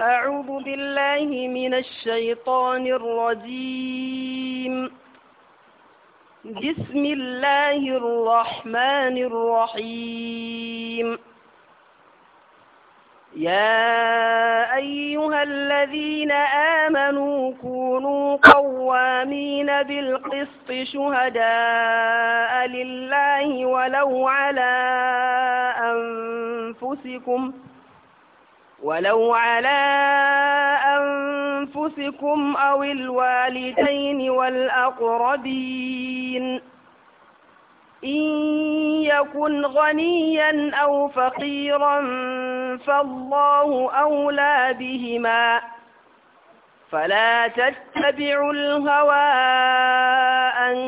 أعوذ بالله من الشيطان الرجيم بسم الله الرحمن الرحيم يا أيها الذين آمنوا كونوا قوامين بالقسط شهداء لله ولو على أنفسكم ولو على أنفسكم أو الوالدين والأقربين إن يكن غنيا أو فقيرا فالله أولى بهما فلا تتبعوا الهوى أن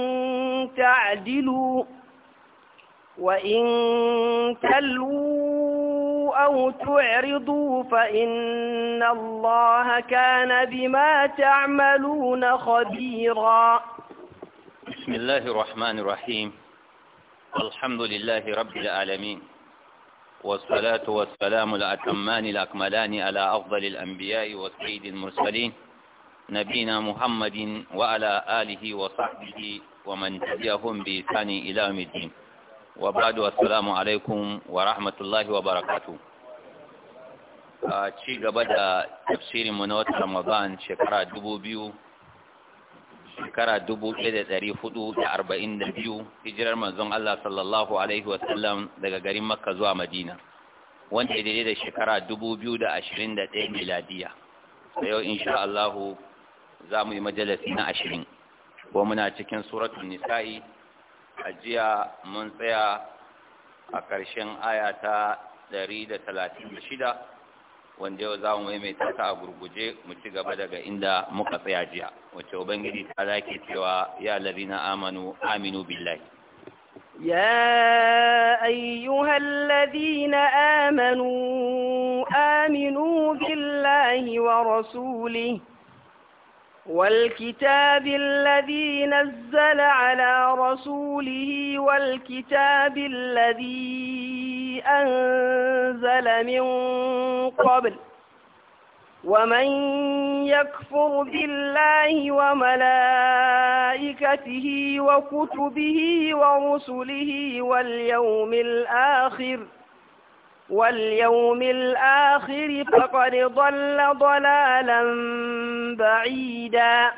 تعدلوا وإن تلووا أو تعرضوا فإن الله كان بما تعملون خبيرا بسم الله الرحمن الرحيم الحمد لله رب العالمين والصلاة والسلام الأتمان الأكملان على أفضل الأنبياء والسيد المرسلين نبينا محمد وعلى آله وصحبه ومن تبعهم بإحسان إلى يوم الدين وبعد السلام عليكم ورحمة الله وبركاته a ci gaba da tafsirin mu na wata ramadan shekara dubu biyu shekara dubu ɗaya da ɗari hudu da arba'in da biyu hijirar manzon Allah sallallahu alaihi sallam daga garin makka zuwa madina wanda ya daidai da shekara dubu biyu da ashirin da ɗaya miladiya da yau insha Allah za mu yi majalasi na ashirin ko muna cikin suratun nisa'i a jiya mun tsaya a ƙarshen aya ta ɗari da talatin da shida wanda yau za mu maimaita ta a gurguje mu ci gaba daga inda muka tsaya jiya wacce ubangiji ta zaki cewa ya ladina amanu aminu billahi يا أيها الذين آمنوا آمنوا wal ورسوله والكتاب الذي نزل على رسوله والكتاب الذي أنزل من قبل ومن يكفر بالله وملائكته وكتبه ورسله واليوم الآخر واليوم الآخر فقد ضل ضلالا بعيدا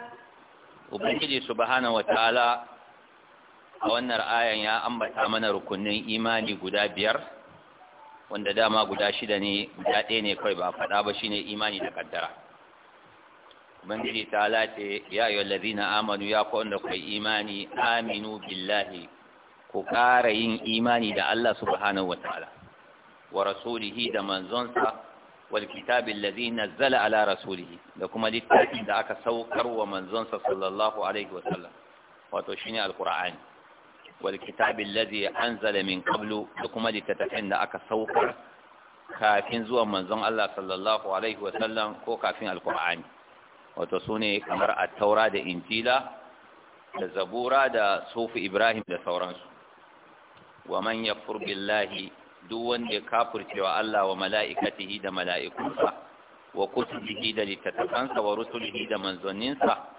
وبنجي سبحانه وتعالى a رأينا أنبت أمن ambata إيماني قدابير wanda dama guda shida ne guda ɗaya ne kawai ba faɗa ba shine imani da kaddara ubangiji ta lace ya yi wallazina amanu ya ku wanda kai imani aminu billahi ku ƙara yin imani da Allah subhanahu wa ta'ala wa rasulihi da manzonsa wal kitabil nazzala ala rasulihi da kuma littafin da aka saukar wa manzonsa sallallahu alaihi wa sallam wato shine alqur'ani wal kitabil ladhi anzala min qablu da kuma litattafan da aka saukar kafin zuwa manzon Allah sallallahu alaihi wa sallam ko kafin alqur'ani wato sune kamar at-taura da injila da zabura da sufi ibrahim da sauransu wa man yakfur duk wanda ya kafircewa Allah wa mala'ikatihi da mala'ikunsa wa kutubihi da littattafansa wa rusulihi da manzanninsa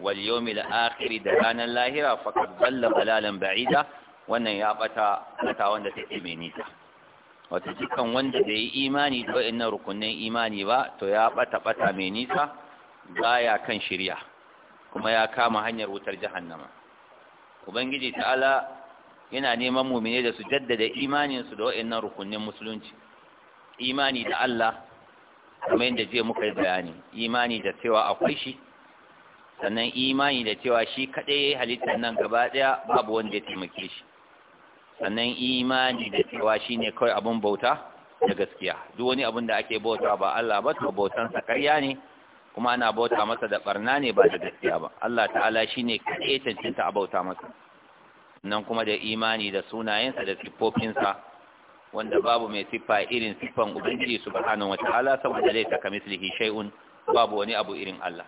wal yawmil akhir da ranar lahira faqad dalla balalan ba'ida wannan ya bata bata wanda take mai nisa wato dukkan wanda da yi imani da wayannan rukunin imani ba to ya bata bata mai nisa baya kan shirya kuma ya kama hanyar wutar jahannama ubangiji ta'ala yana neman mumine da su jaddada imaninsu da wayannan rukunin musulunci imani da Allah kamar yadda je muka yi bayani imani da cewa akwai shi sannan imani da cewa shi kadai halittar nan gaba ɗaya babu wanda ya taimake shi sannan imani da cewa shi ne kawai abin bauta da gaskiya duk wani abin da ake bauta ba Allah ba to bautansa ƙarya ne kuma ana bauta masa da barna ne ba da gaskiya ba Allah ta'ala shi ne kaɗai cancanta a bauta masa nan kuma da imani da sunayensa da siffofinsa wanda babu mai siffa irin siffan ubangiji subhanahu wataala saboda laysa kamislihi shay'un babu wani abu irin Allah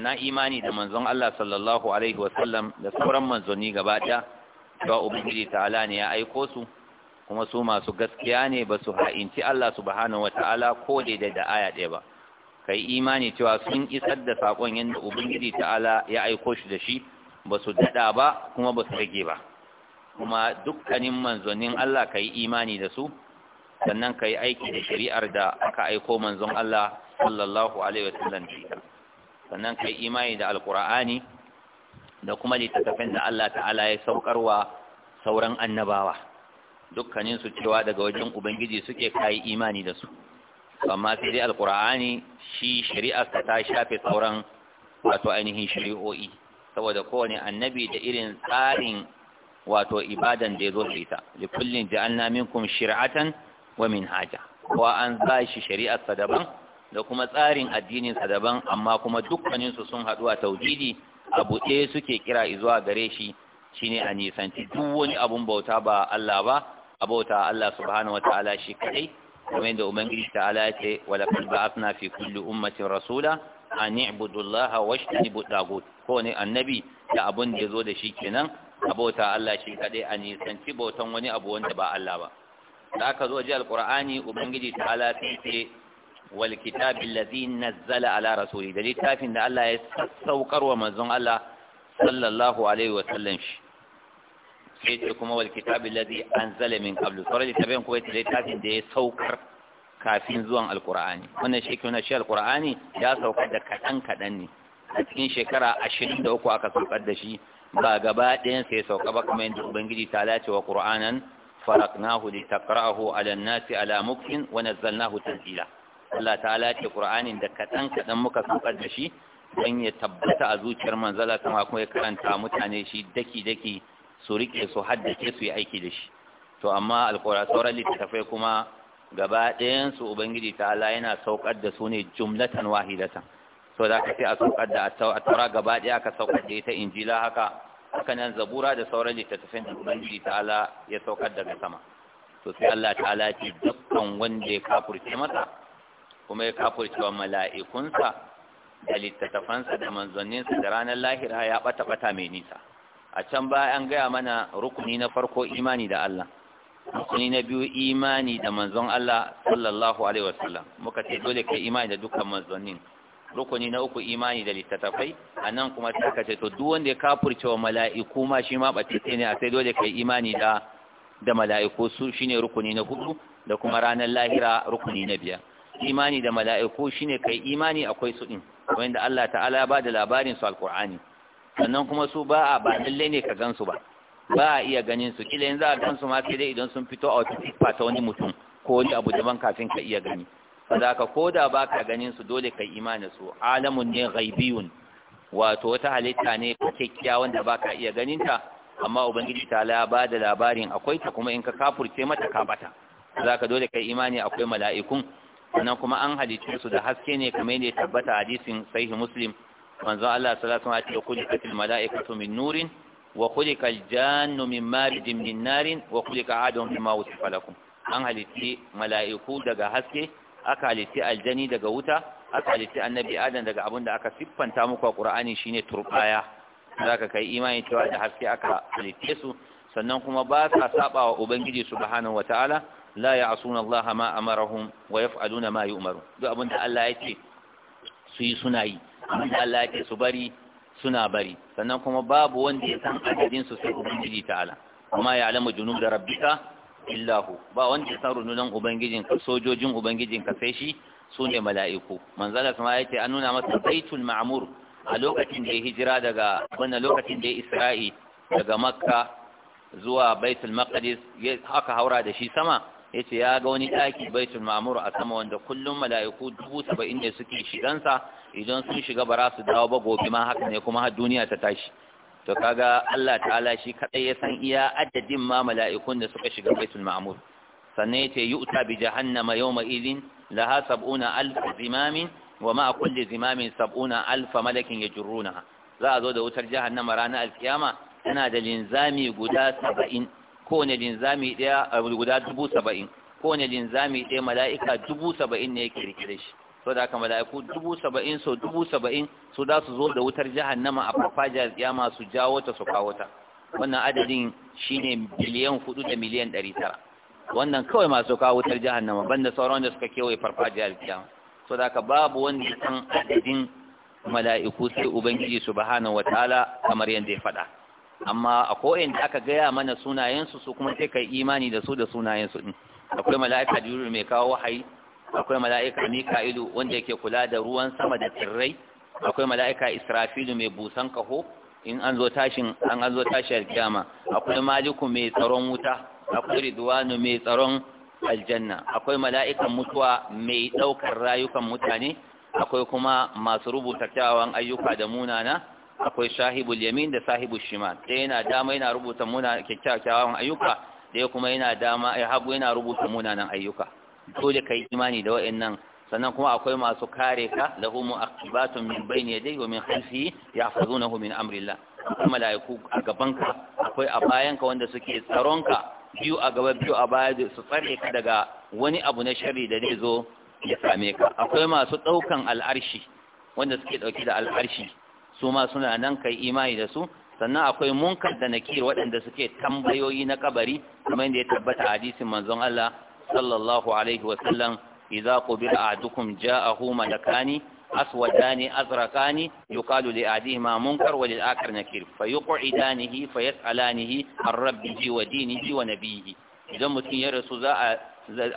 na imani da manzon Allah sallallahu alaihi wasallam da sauran manzoni gaba ɗaya cewa ubangiji ta'ala ne ya aiko su kuma su masu gaskiya ne ba su ha'inci Allah subhanahu Ta'ala ko daidai da aya ɗaya ba kai imani cewa sun isar da sakon yadda ubangiji ta'ala ya aiko shi da shi ba su daɗa ba kuma ba su rage ba kuma dukkanin manzonin Allah kai imani da su sannan kai aiki da shari'ar da aka aiko manzon Allah sallallahu alaihi wasallam sannan kai imani da alkur'ani da kuma littattafan da Allah ta'ala ya saukarwa sauran annabawa dukkanin su cewa daga wajen ubangiji suke kai imani da su amma sai dai alkur'ani shi shari'ar ta shafe sauran wato ainihin shari'o'i saboda kowane annabi da irin tsarin wato ibadan da ya zo da ita li kullin ja'alna minkum shir'atan wa minhaja kowa an zashi shi shari'ar daban da kuma tsarin addininsa daban amma kuma dukkaninsu sun haɗu a tauhidi abu ɗaya suke kira zuwa gare shi shine a nisanci duk wani abun bauta ba Allah ba a bauta Allah subhanahu wataala shi kadai kuma inda ubangiji ta'ala yace wala qad ba'athna fi kulli ummatin rasula an i'budu Allah wajtanibu tagut ko ne annabi da abun da yazo da shi kenan a bauta Allah shi kadai a nisanci bautan wani abu wanda ba Allah ba da aka zo ji alqur'ani ubangiji ta'ala ce. wal kitabi allazi nazzala ala rasuli da littafin da Allah ya saukar wa manzon Allah sallallahu alaihi wa sallam shi sai ce kuma wal kitabi allazi anzala min qablu sauran littafin ko littafin da ya saukar kafin zuwan alqur'ani wannan shi kuma shi alqur'ani ya saukar da kaɗan-kaɗan ne a cikin shekara 23 aka saukar da shi ba gaba ɗayan sai sauka ba kamar yadda ubangiji ta lace wa qur'anan faraqnahu litaqra'ahu 'ala an Allah ta'ala ce Qur'anin da kadan kadan muka saukar da shi dan ya tabbata a zuciyar manzala kuma kuma ya karanta mutane shi daki daki su rike su haddace su yi aiki da shi to amma alqur'an sauran littattafai kuma gaba ɗayan su ubangiji ta'ala yana saukar da su ne jumlatan wahidatan so da ka sai a saukar da taura gaba ɗaya aka saukar da ita injila haka haka nan zabura da sauran littattafai da ubangiji ta'ala ya saukar daga sama to sai Allah ta'ala ce dukkan wanda ya kafurce masa kuma ya cewa mala'ikunsa da littattafansa da manzanninsa da ranar lahira ya ɓata ɓata mai nisa a can baya an gaya mana rukuni na farko imani da Allah rukuni na biyu imani da manzon Allah sallallahu alaihi wasallam muka ce dole kai imani da dukkan manzannin rukuni na uku imani da littattafai a nan kuma ta kace to duk wanda ya kafurce wa mala'iku ma shi ma batiste ne a sai dole kai imani da da mala'iku su shine rukuni na hudu da kuma ranar lahira rukuni na biyar imani da mala'iku shine kai imani akwai su din wanda Allah ta'ala ya bada labarin su alqur'ani sannan kuma su ba a ba lalle ne ka gansu ba ba a iya ganin su kila yanzu a gansu ma sai dai idan sun fito a wata sifa ta wani mutum ko wani abu daban kafin ka iya gani sadaka ko da ba ka ganin su dole kai imani su alamun ne ghaibiyun wato wata halitta ne kakkiya wanda ba ka iya ganin ta, amma ubangiji ta la ba da labarin akwai ta kuma in ka kafurce mata ka bata zaka dole kai imani akwai mala'ikun sannan kuma an halicce su da haske ne kamar yadda ya tabbata hadisin sahih muslim manzo Allah sallallahu alaihi wasallam ya ce kullu malaikatu min nurin wa khuliqa jannu min marijin min narin wa khuliqa adam mimma wasifa lakum an halitti mala'iku daga haske aka halitti aljani daga wuta aka halitti annabi adam daga abin da aka siffanta muku a qur'ani shine turbaya zaka kai imani cewa da haske aka halitte su sannan kuma ba sa saba wa ubangiji subhanahu wataala la asuna Allah ma amarahum wa yaf'aluna ma yu'maru duk abinda Allah ya ce su yi suna yi abinda Allah ya ce su bari suna bari sannan kuma babu wanda ya san adadin su sai ubangiji ta'ala Kuma ya junub da rabbika illahu ba wanda ya san rundunan ubangijin ka sojojin ubangijin ka sai shi su ne mala'iku manzala kuma ya ce an nuna masa baitul ma'mur a lokacin da ya hijira daga wannan lokacin da ya isra'i daga makka zuwa baitul maqdis haka haura da shi sama yace ya ga wani daki baitul ma'mur a sama wanda kullum mala'iku dubu saba'in ne suke shigansa idan sun shiga ba su dawo ba gobe ma haka ne kuma har duniya ta tashi to kaga Allah ta'ala shi kadai ya san iya adadin ma mala'ikun da suka shiga baitul ma'mur sannan yace yu'ta bi jahannama yawma idhin laha sab'una alf zimamin wa ma kulli zimamin sab'una alf malakin yajrunaha za a zo da wutar jahannama ranar alkiyama tana da linzami guda saba'in kowane linzami ɗaya a guda dubu saba'in kowane linzami ɗaya mala'ika dubu saba'in ne yake rike shi sau da aka mala'iku dubu saba'in so dubu saba'in su za su zo da wutar jahannama a farfajiyar tsiyama su jawo ta su kawo ta wannan adadin shi ne biliyan hudu da miliyan ɗari tara wannan kawai masu kawo wutar jahannama banda sauran da suka kewaye farfajiyar tsiyama sau da aka babu wanda ya san adadin mala'iku sai ubangiji subhanahu wataala kamar yadda ya faɗa amma a koyin da aka gaya mana sunayensu su kuma sai kai imani da su da sunayensu din akwai mala'ika jibril mai kawo wahayi akwai mala'ika mika'ilu wanda yake kula da ruwan sama da tsirrai akwai mala'ika israfilu mai busan kaho in an zo tashin an an zo tashi alkiyama akwai maliku mai tsaron wuta akwai ridwanu mai tsaron aljanna akwai mala'ikan mutuwa mai ɗaukar rayukan mutane akwai kuma masu rubuta kyawawan ayyuka da munana akwai sahibul yamin da sahibul shimal ɗaya yana dama yana rubuta muna kyakkyawan ayyuka ɗaya kuma yana dama ya eh, habu yana rubuta munanan ayyuka dole yi imani da wa'annan sannan kuma akwai masu kare ka lahu mu'aqibatun min bayni yadayhi wa min khalfihi yahfazunahu min amrillah kuma malaiku a gaban ka akwai a bayan ka wanda suke tsaron ka biyu a gaba biyu a baya su tsare ka daga wani abu na sharri da zai zo ya same ka akwai masu daukan al'arshi wanda suke dauke da al'arshi su ma suna nan kai imani da su sannan akwai munkar da nakir waɗanda suke tambayoyi na kabari kuma da ya tabbata hadisin manzon Allah sallallahu alaihi wa sallam idza qubira ahadukum ja'ahu malakani aswadani azraqani yuqalu li ahadihima munkar wa lil akhar nakir fayuq'idanihi fayas'alanihi rabbi ji wa dinihi wa nabiyhi idan mutum ya rasu za a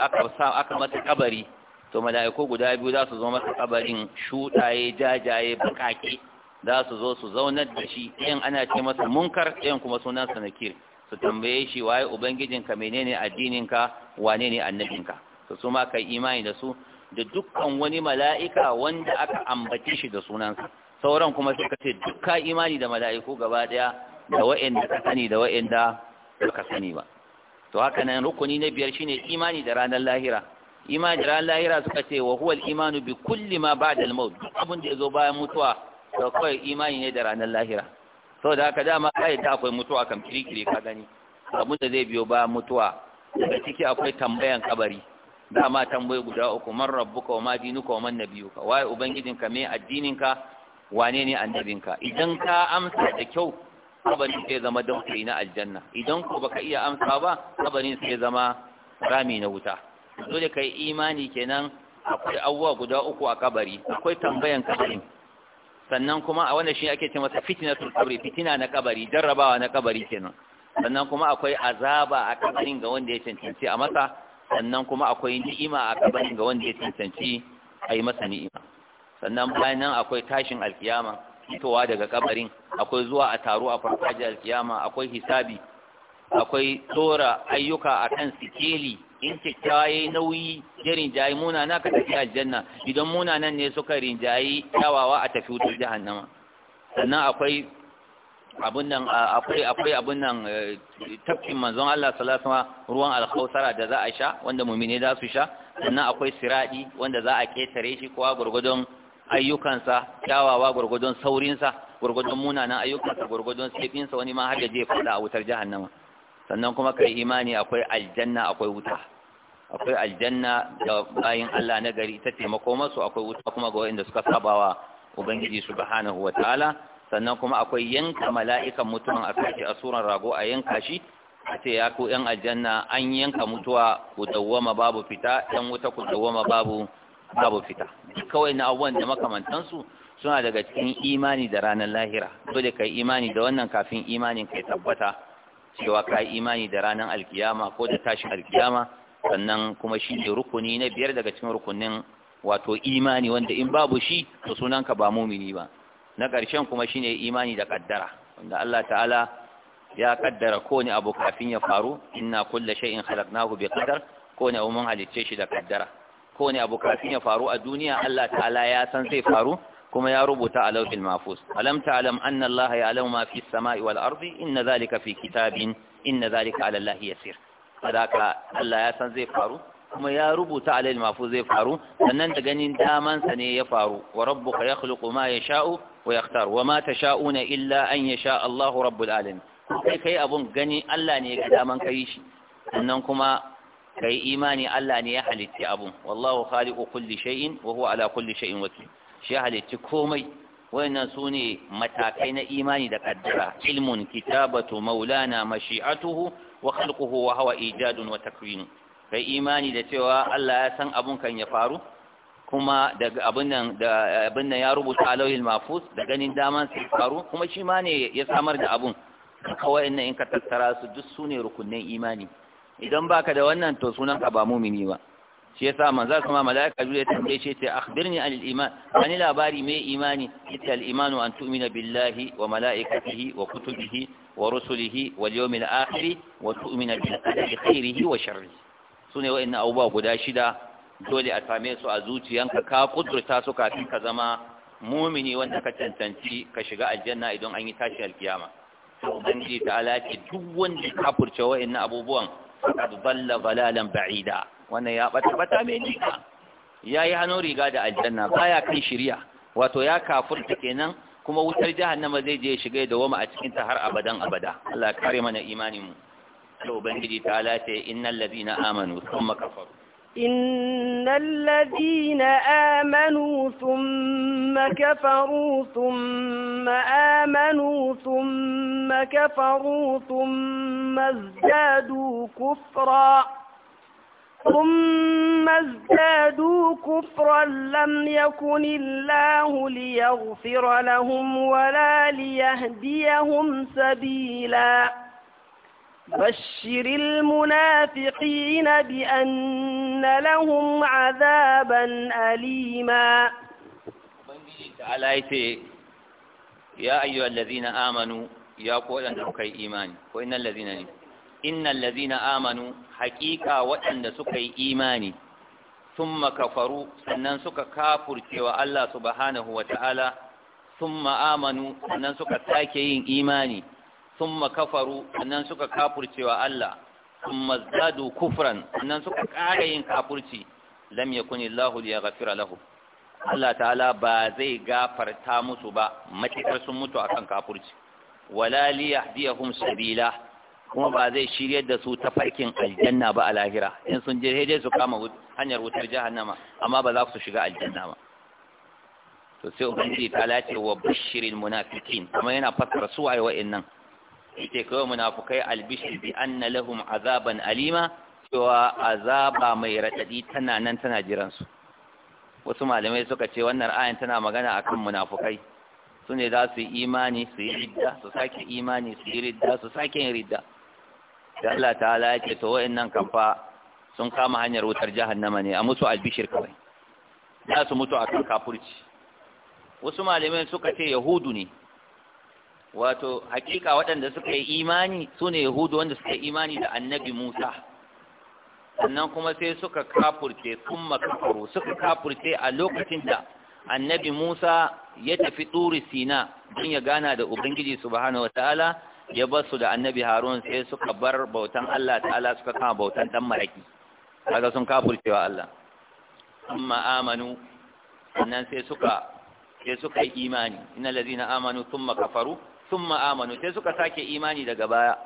aka sa aka masa kabari to mala'iku guda biyu za su zo masa kabarin shudaye jajaye bakake za su zo su zaunar da shi ɗayan ana ce masa munkar ɗayan kuma sunansa nakir su tambaye shi waye ubangijinka menene addininka wane ne annabinka su su ma kai imani da su da dukkan wani mala'ika wanda aka ambace shi da sunansa sauran kuma sai ka ce dukka imani da mala'iku gaba daya da wa'anda ka sani da wa'anda ka sani ba to haka nan rukuni na biyar shine imani da ranar lahira imani da ranar lahira suka ce wa huwa al-imanu bi kulli ma ba'da al-maut abin da yazo bayan mutuwa to kawai imani ne da ranar lahira da haka dama kai ta akwai mutuwa kam kirikiri ka gani abin da zai biyo ba mutuwa daga ciki akwai tambayan kabari dama tambayi guda uku man rabbuka wa ma dinuka wa man nabiyuka waye ka me addininka wane ne annabinka idan ka amsa da kyau kabarin sai zama dausayi na aljanna idan ko baka iya amsa ba kabarin sai zama rami na wuta dole kai imani kenan akwai awwa guda uku a kabari akwai tambayan kabarin sannan kuma a wannan shi ake ce masa fitnatul qabri fitina na kabari jarrabawa na kabari kenan sannan kuma akwai azaba a kabarin ga wanda ya cancanci a masa sannan kuma akwai ni'ima a kabarin ga wanda ya cancanci a yi masa ni'ima sannan bayan nan akwai tashin alkiyama fitowa daga kabarin akwai zuwa a taro a farfajiyar alkiyama akwai hisabi akwai tsora ayyuka akan sikeli in kyakkyawa nauyi ya rinjayi munana ka tafi aljanna idan munanan ne suka rinjayi kyawawa a tafi wutar jahannama sannan akwai abun nan akwai akwai abun nan eh, tafkin manzon Allah sallallahu alaihi wasallam ruwan alkausara da za a sha wanda mu'mini za su sha sannan akwai siradi wanda za a ketare shi kowa gurgudun ayyukansa kyawawa gurgudun saurinsa gurgudun munanan ayyukansa gurgudun sefinsa wani ma har da je fada a wutar jahannama sannan kuma kai imani akwai aljanna akwai wuta akwai aljanna da bayin Allah na gari ta taimako masu akwai wuta kuma ga wanda suka wa ubangiji subhanahu wataala sannan kuma akwai yanka mala'ikan mutum a kashi a suran rago a yanka shi a ce ya ku yan aljanna an yanka mutuwa ku dawwama babu fita yan wuta ku dawwama babu babu fita kawai na abubuwan da makamantansu suna daga cikin imani da ranar lahira dole kai imani da wannan kafin imanin kai tabbata cewa ka imani da ranar alkiyama ko da tashin alkiyama sannan kuma shi ne rukuni na biyar daga cikin rukunin wato imani wanda in babu shi to sunanka ba mumini ba na ƙarshen kuma shine imani da kaddara wanda Allah ta'ala ya kaddara kowane abu kafin ya faru inna kulla shay'in khalaqnahu bi qadar kowane abu mun halicce shi da kaddara kowane abu kafin ya faru a duniya Allah ta'ala ya san zai faru kuma ya rubuta a lauhin mafus alam ta'lam anna Allah ya'lamu ma fi samai wal ardi inna zalika fi kitabin inna zalika ala Allah yasir sadaka Allah ya san zai faru kuma ya rubuta alal mafu zai faru sannan da ganin damansa ne ya faru wa rabbuka yakhluqu ma yasha'u wa yakhtar wa ma tasha'una illa an ya yasha Allahu rabbul alamin kai kai abun gani Allah ne ya daman kai shi sannan kuma kai imani Allah ne ya halitta abun wallahu khaliqu kulli shay'in wa huwa ala kulli shay'in wakil shi ya halicci komai wayannan su ne matakai na imani da kaddara ilmun kitabatu maulana mashi'atuhu wa khalquhu wa huwa ijadun wa takwin kai imani da cewa Allah ya san abun kan ya faru kuma daga abin nan da abin nan ya rubuta alawil mafus da ganin daman sai faru kuma shi ma ne ya samar da abun kawai nan in ka tattara su duk su ne rukunin imani idan baka da wannan to sunan ka ba mumini ba shi yasa manzo kuma malaika juya tambaye shi ce akhbirni anil iman ani labari me imani ita al imanu an tu'mina billahi wa malaikatihi wa kutubihi wa rusulihi wal yawmil akhir wa tu'mina bil qadari khairihi wa sharrihi sune wa'annan abubuwa guda shida dole a same su a zuciyanka ka kudurta su kafin ka zama mumini wanda ka tantanci ka shiga aljanna idan an yi tashi alkiyama ubangiji ta alaƙi duk wanda kafurce wa'annan abubuwan faqad dalla dalalan ba'ida wannan ya bata bata mai jika ya yi hannun riga da aljanna baya kan shirya wato ya kafurta kenan kuma wutar jahannama zai je shiga da wama a cikin ta har abadan abada Allah kare mana imaninmu. mu sai ubangiji ta Innan innal na amanu thumma kafaru إن الذين آمنوا ثم كفروا ثم آمنوا ثم كفروا ثم ازدادوا كفراً ثم ازدادوا كفرا لم يكن الله ليغفر لهم ولا ليهديهم سبيلا بشر المنافقين بأن لهم عذابا أليما تعالى يا أيها الذين آمنوا يا قولا لك إيمان وإن الذين نفسوا innal lazina amanu haƙiƙa waɗanda suka yi imani thumma kafaru sannan suka kafurce wa Allah subhanahu wa ta'ala thumma amanu sannan suka sake yin imani thumma kafaru sannan suka kafurce Allah thumma zadu kufran sannan suka ƙara yin kafurci lam yakuni ya liyaghfira lahu Allah ta'ala ba zai gafarta musu ba matakar sun mutu akan kafurci wala liyahdiyahum sabila kuma ba zai shiryar da su ta farkin aljanna ba a lahira in sun je dai su kama hanyar wutar jahannama amma ba za su shiga aljanna ba to sai ubangiji ta lace wa bashirin munafikin kuma yana fassara su waye wa'annan yace kawai munafukai albishi bi anna lahum azaban alima cewa azaba mai radadi tana nan tana jiran su wasu malamai suka ce wannan ayan tana magana akan munafukai su ne za su yi imani su yi ridda su sake imani su yi ridda su sake yin ridda da Allah ta'ala ya ce to nan kamfa sun kama hanyar wutar jahannama ne a mutu albishir kawai za su mutu a kan kafurci wasu malamai suka ce yahudu ne wato hakika waɗanda suka yi imani su ne yahudu wanda suka yi imani da annabi musa sannan kuma sai suka kafurce sun kafaru suka kafurce a lokacin da annabi musa ya tafi turi sina don ya gana da ubangiji subhanahu ta'ala. ya bar su da annabi harun sai suka bar bautan Allah ta'ala suka kama bautan dan maraki kaga sun kafurcewa Allah amma amanu sannan sai suka sai suka yi imani innal ladina amanu thumma kafaru thumma amanu sai suka sake imani daga baya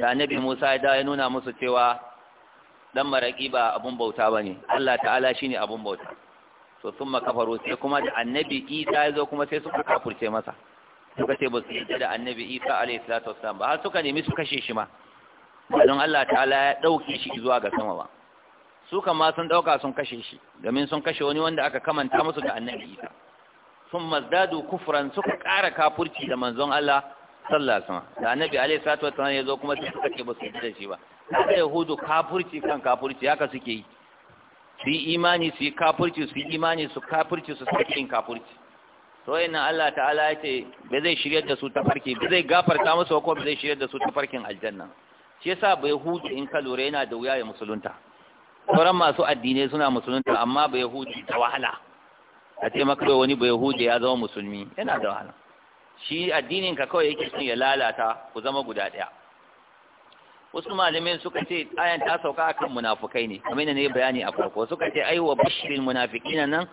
da annabi Musa da ya nuna musu cewa dan maraki ba abun bauta bane Allah ta'ala shine abun bauta to thumma kafaru sai kuma da annabi Isa ya zo kuma sai suka kafurce masa suka ce ba su yi da annabi isa alayhi salatu wassalam ba har suka nemi su kashe shi ma don Allah ta'ala ya dauke shi zuwa ga sama ba su kama sun dauka sun kashe shi domin sun kashe wani wanda aka kamanta musu da annabi isa sun mazdadu kufran suka ƙara kafurci da manzon Allah sallallahu alaihi wasallam da annabi alayhi salatu wassalam ya zo kuma sai suka ce ba su yadda da shi ba haka yahudu kafurci kan kafurci haka suke yi su yi imani su yi kafurci su yi imani su kafurci su sake yin kafurci to ina Allah ta'ala ya ce ba zai shiryar da su ta farki ba zai gafarta musu ko ba zai shiryar da su ta farkin aljanna shi yasa bai huji in ka lura yana da wuya ya musulunta sauran masu addinai suna musulunta amma bai yahudi ta wahala a ce maka wani bai yahudi ya zama musulmi yana da wahala shi addinin ka kawai yake son ya lalata ku zama guda ɗaya wasu malamai suka ce ayan ta sauka akan munafukai ne kamar ne bayani a farko suka ce aiwa bashirin munafikina nan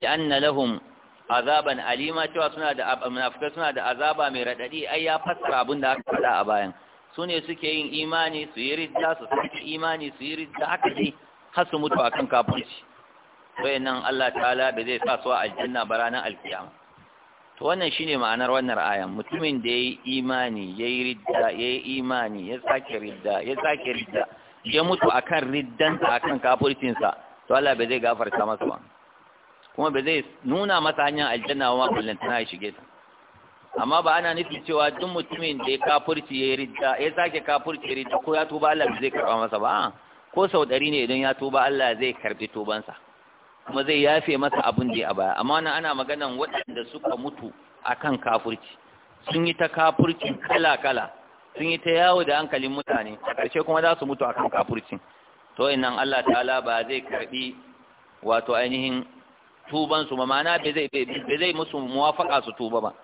da anna lahum azaban alima cewa suna da munafikai suna da azaba mai radadi ai ya fassara abin da aka faɗa a bayan su ne suke yin imani su yi ridda su sake imani su yi ridda haka dai har su mutu akan kafirci nan Allah ta'ala bai zai sa su a aljanna ba ranar alkiyama to wannan shine ma'anar wannan ayan mutumin da yayi imani yayi ridda yayi imani ya sake ridda ya sake ridda ya mutu akan riddansa akan kafircinsa to Allah bai zai gafarta masa ba kuma ba zai nuna masa hanyar aljanna wa maballin tana ya shige ta amma ba ana nufin cewa duk mutumin da ya kafurci ya ridda ya sake kafurci ya ridda ko ya tuba Allah zai karba masa ba ko sau ɗari ne idan ya tuba Allah zai karbi tubansa kuma zai yafe masa abin da ya baya amma nan ana maganan waɗanda suka mutu akan kafurci sun yi ta kafurci kala kala sun yi ta yawo da hankalin mutane a ƙarshe kuma za su mutu akan kafurcin to innan Allah ta'ala ba zai karbi wato ainihin tuban su ba ma'ana bai zai zai musu muwafaka su tuba ba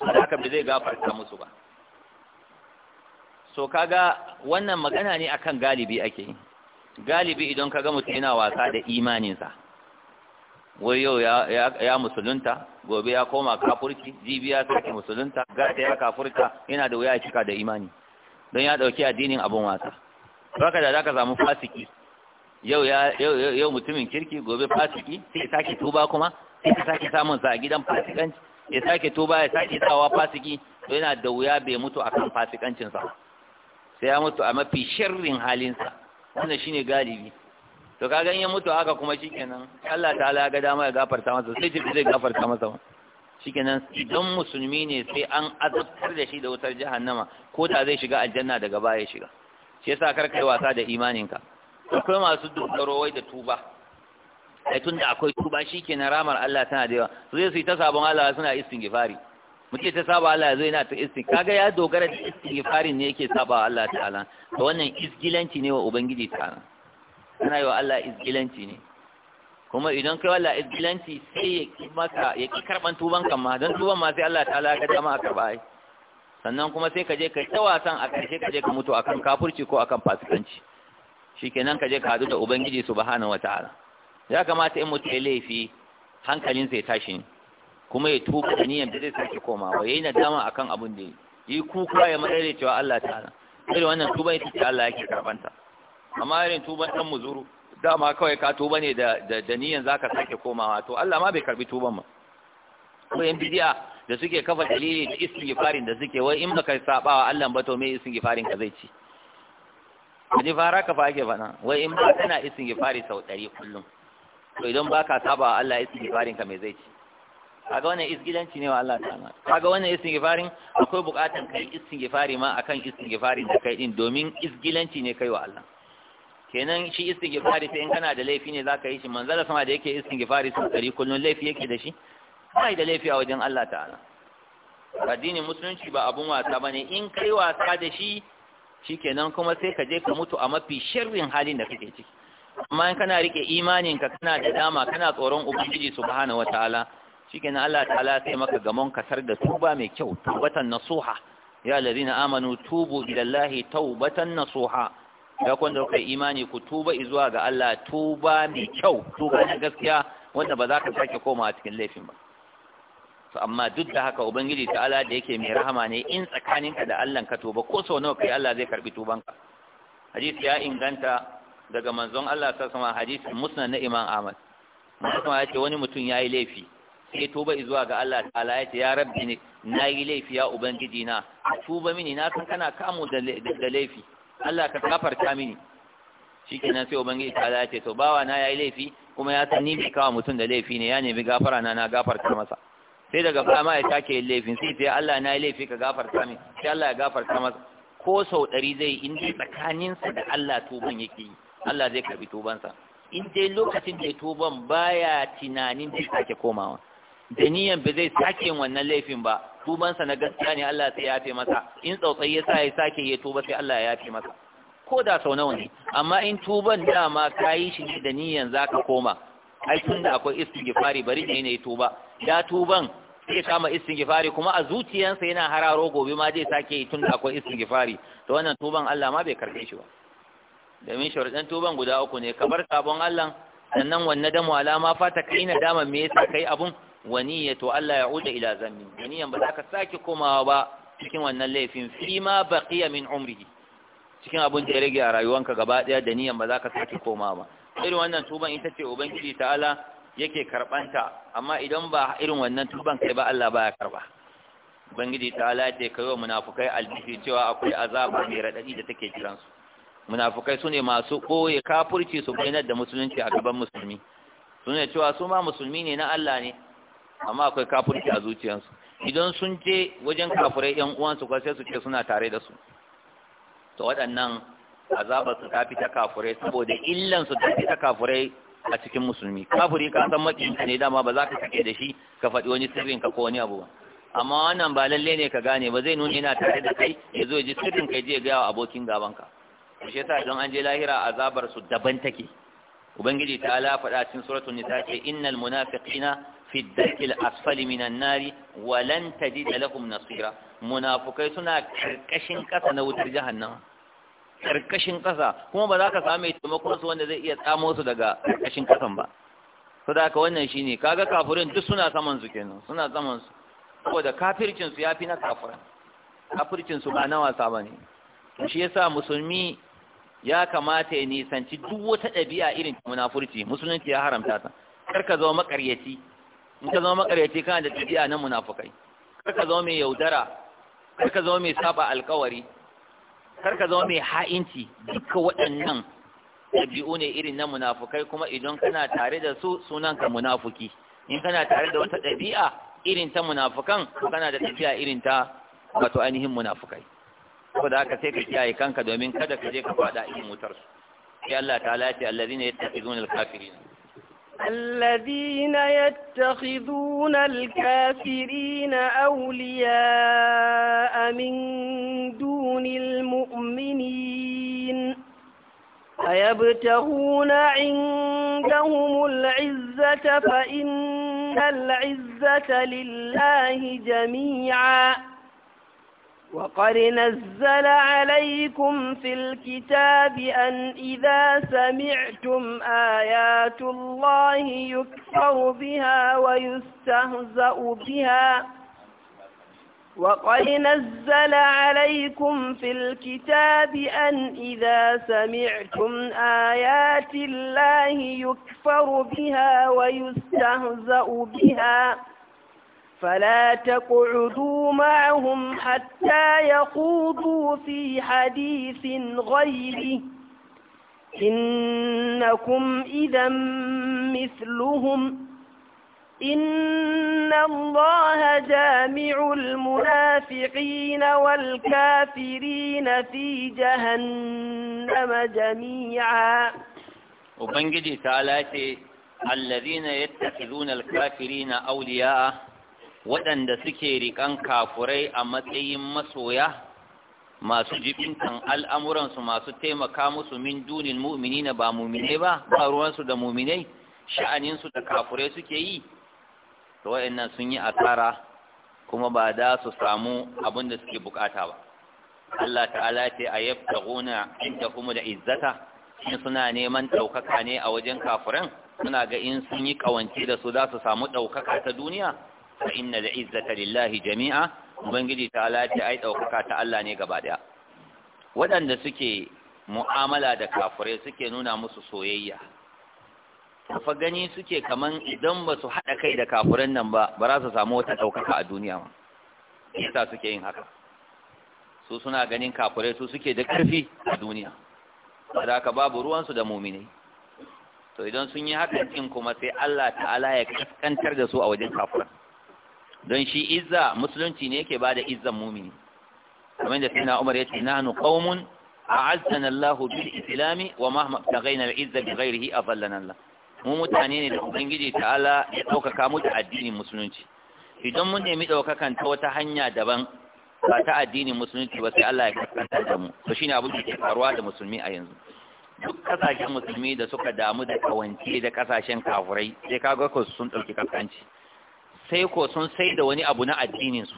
haka bai zai gafarta musu ba so kaga wannan magana ne akan galibi ake yi galibi idan kaga mutum yana wasa da imaninsa wai yau ya, musulunta gobe ya koma kafurci jibi ya sake musulunta gata ya kafurta yana da wuya cika da imani don ya dauki addinin abun wasa baka da zaka samu fasiki yau ya mutumin kirki gobe fasiki sai sake tuba kuma sai ka sake samun sa a gidan fasikanci ya sake tuba ya sake tsawa fasiki to yana da wuya bai mutu akan fasikancin sa sai ya mutu a mafi sharrin halin sa wannan shine galibi to ka ya mutu haka kuma shikenan Allah ta'ala ga dama ya gafarta masa sai jibi zai gafarta masa shikenan idan musulmi ne sai an azabtar da shi da wutar jahannama ko ta zai shiga aljanna daga baya ya shiga shi yasa kar kai wasa da imaninka akwai masu dogaro wai da tuba ai tun da akwai tuba shikenan ramar Allah tana da yawa su zai su yi ta sabon Allah suna istighfari muke ta saba Allah zai na ta istighfari kaga ya dogara da istighfari ne yake saba Allah ta'ala to wannan isgilanci ne wa ubangiji ta'ala kana yi wa Allah isgilanci ne kuma idan kai wallahi isgilanci sai ya ki maka ya ki karban tuban kan ma dan tuban ma sai Allah ta'ala ya dama a karba ai sannan kuma sai ka je ka ta wasan a karshe ka je ka mutu akan kafirci ko akan fasikanci shikenan ka je ka hadu da ubangiji subhanahu wataala ya kamata in mutum ya laifi hankalin sai tashi kuma ya tuba da niyyar da zai sake komawa yayi nadama akan abin da yi kuka ya madare cewa Allah ta'ala irin wannan tuba ita ce Allah yake karbanta amma irin tuban dan muzuru dama kawai ka tuba ne da da niyyar zaka sake komawa to Allah ma bai karbi tuban ma ko yan bidiya da suke kafa dalili da istighfarin da suke wai in baka saba wa Allah ba to me istighfarin ka zai ci ji fara ka fa ake bana, wai in ba kana isin gifari sau ɗari kullum to idan ba ka saba wa Allah isin gifarin ka me zai ci kaga wannan isgilanci ne wa Allah ta'ala kaga wannan isin gifarin akwai buƙatar kai isin gifari ma akan isin gifarin da kai din domin isgilanci ne kai wa Allah kenan shi gifari sai in kana da laifi ne zaka yi shi manzala sama da yake gifari sau ɗari kullum, laifi yake da shi kai da laifi a wajen Allah ta'ala addinin musulunci ba abun wasa bane in kai wasa da shi shikenan kuma sai ka je ka mutu a mafi shirin halin da kake ciki amma in kana rike imanin ka kana da dama kana tsoron ubangiji subhanahu wataala shikenan Allah ta'ala sai maka gamon kasar da tuba mai kyau tubatan nasuha ya allazina amanu tubu ila Allah taubatan nasuha ya kwanda kai imani ku tuba zuwa ga Allah tuba mai kyau tuba na gaskiya wanda ba za ka sake koma a cikin laifin ba to amma duk da haka ubangiji ta ala da yake mai rahama ne in tsakaninka da Allah ka tuba ko sau nawa kai Allah zai karbi tubanka hadisi ya inganta daga manzon Allah sallallahu alaihi wasallam hadisin musnad na Imam Ahmad mutum ya ce wani mutum yayi laifi sai tuba zuwa ga Allah ta'ala ya ce ya rabbi ne yi laifi ya ubangiji na tuba mini na san kana kamu da laifi Allah ka gafarta mini shikenan sai ubangiji ala ya ce to bawa na yayi laifi kuma ya san ni bai kawo mutum da laifi ne ya nemi gafara na na gafarta masa sai daga fara ma ya take yin laifin sai ta Allah na yi laifi ka gafarta min sai Allah ya gafarta masa ko sau ɗari zai in dai tsakaninsa da Allah tuban yake yi Allah zai karbi tubansa in dai lokacin da tuban baya tunanin zai sake komawa da niyan ba zai sake wannan laifin ba tubansa na gaskiya ne Allah sai ya yafe masa in tsautsai ya sa ya sake ya tuba sai Allah ya yafe masa ko da sau nawa ne amma in tuban dama ka yi shi da niyan zaka koma ai da akwai istighfari bari ne ne tuba ya tuban sai kama istighfari kuma a zuciyansa yana hararo gobe ma zai sake yi tunda akwai istighfari to wannan tuban Allah ma bai karbe shi ba domin sharuɗan tuban guda uku ne kamar sabon Allah sannan wannan damu alama fata kai na dama me yasa kai abun waniya to Allah ya uda ila zammi waniyan ba za ka sake komawa ba cikin wannan laifin fi ma baqiya min umrihi cikin abun da ya rage a rayuwanka gaba daya da niyan ba za ka sake komawa ba irin wannan tuban ita ce ubangiji ta'ala yake karbanta amma idan ba irin wannan tuban kai ba Allah baya karba Bangiji ta halaye kai wa munafukai aljihi cewa akwai azaba mai radadi da take jiran su munafukai sune masu ɓoye kafirci su bayyana da musulunci a gaban musulmi sune cewa su ma musulmi ne na Allah ne amma akwai kafurci a zuciyarsu idan sun je wajen kafirai yan uwansu kuma sai su ce suna tare da su to waɗannan azabar su ta fita kafirai saboda illan su ta fita kafirai a cikin musulmi kafiri ka san makinka ne dama ba za ka sake da shi ka faɗi wani sirrin ka ko wani abu ba amma wannan ba lalle ne ka gane ba zai nuna yana tare da kai ya zo ya ji sirrin ka je ga abokin gaban ka shi yasa idan an je lahira azabar su daban take ubangiji ta ala faɗa cikin suratul nisa ce innal munafiqina fi ddarkil asfali minan nari wa lan tajida lahum nasira munafukai suna karkashin ƙasa na wutar jahannama ƙarƙashin ƙasa kuma ba za ka same taimakon su wanda zai iya tsamo su daga ƙarƙashin ƙasan ba su da wannan shi ne kaga kafirin duk suna saman su kenan suna saman su saboda kafircin su ya fi na kafirin kafircin su ba na wasa ba ne shi sa musulmi ya kamata ya nisanci duk wata ɗabi'a irin munafurci musulunci ya haramta ta kar ka zama makaryaci in ka zama makaryaci kana da ɗabi'a na munafukai kar ka zama mai yaudara kar ka zama mai saba alkawari kar ka zama mai ha'inci duka waɗannan ɗabi'u ne irin na munafukai kuma idan kana tare da su sunan ka munafuki in kana tare da wata ɗabi'a irin ta munafukan kana da ɗabi'a irin ta wato ainihin munafukai saboda haka sai ka kiyaye kanka domin kada ka je ka faɗa irin wutar su sai Allah ta'ala ya ce allazina yattaqizuna al-kafirin الذين يتخذون الكافرين أولياء من دون المؤمنين فيبتغون عندهم العزة فإن العزة لله جميعاً وقد نزل عليكم في الكتاب أن إذا سمعتم آيات الله يكفر بها ويستهزأ بها وقد نزل عليكم في الكتاب أن إذا سمعتم آيات الله يكفر بها ويستهزأ بها فلا تقعدوا معهم حتى يخوضوا في حديث غيره إنكم إذا مثلهم إن الله جامع المنافقين والكافرين في جهنم جميعا وبنجي تعالى الذين يتخذون الكافرين أولياء waɗanda suke riƙan kafurai a matsayin masoya masu jibintan al'amuransu masu taimaka musu min dunin mu'mini na ba mumine ba ba ruwansu da muminai sha'aninsu da kafurai suke yi da waɗannan sun yi asara kuma ba da su samu abin da suke bukata ba Allah ta'ala ce a da gona inda kuma da izzata in suna neman ɗaukaka ne a wajen kafuran suna ga in sun yi ƙawance da su za su samu ɗaukaka ta duniya fa inna da izzata lillahi jami'a ubangiji ta lati ai daukaka ta Allah ne gaba daya waɗanda suke mu'amala da kafirai suke nuna musu soyayya fa gani suke kaman idan ba su haɗa kai da kafiran nan ba ba za su samu wata ɗaukaka a duniya ba yasa suke yin haka su suna ganin kafirai su suke da karfi a duniya da ka babu ruwansu da muminai to idan sun yi haka din kuma sai Allah ta'ala ya kaskantar da su a wajen kafiran don shi izza musulunci ne yake bada izzan mumini kamar da Sina Umar yace nahnu qaumun a'azzana Allah bil islam wa mahma tagayna al izza bi a afallana Allah mu mutane ne da ubangiji ta'ala ya daukaka mu da addinin musulunci idan mun nemi ɗaukakan ta wata hanya daban ba ta addinin musulunci ba sai Allah ya kaskanta da mu to shine abin da ke faruwa da musulmi a yanzu duk kasashen musulmi da suka damu da kawance da kasashen kafurai sai kaga ko sun ɗauki kaskanci sai ko sun sai da wani abu na addininsu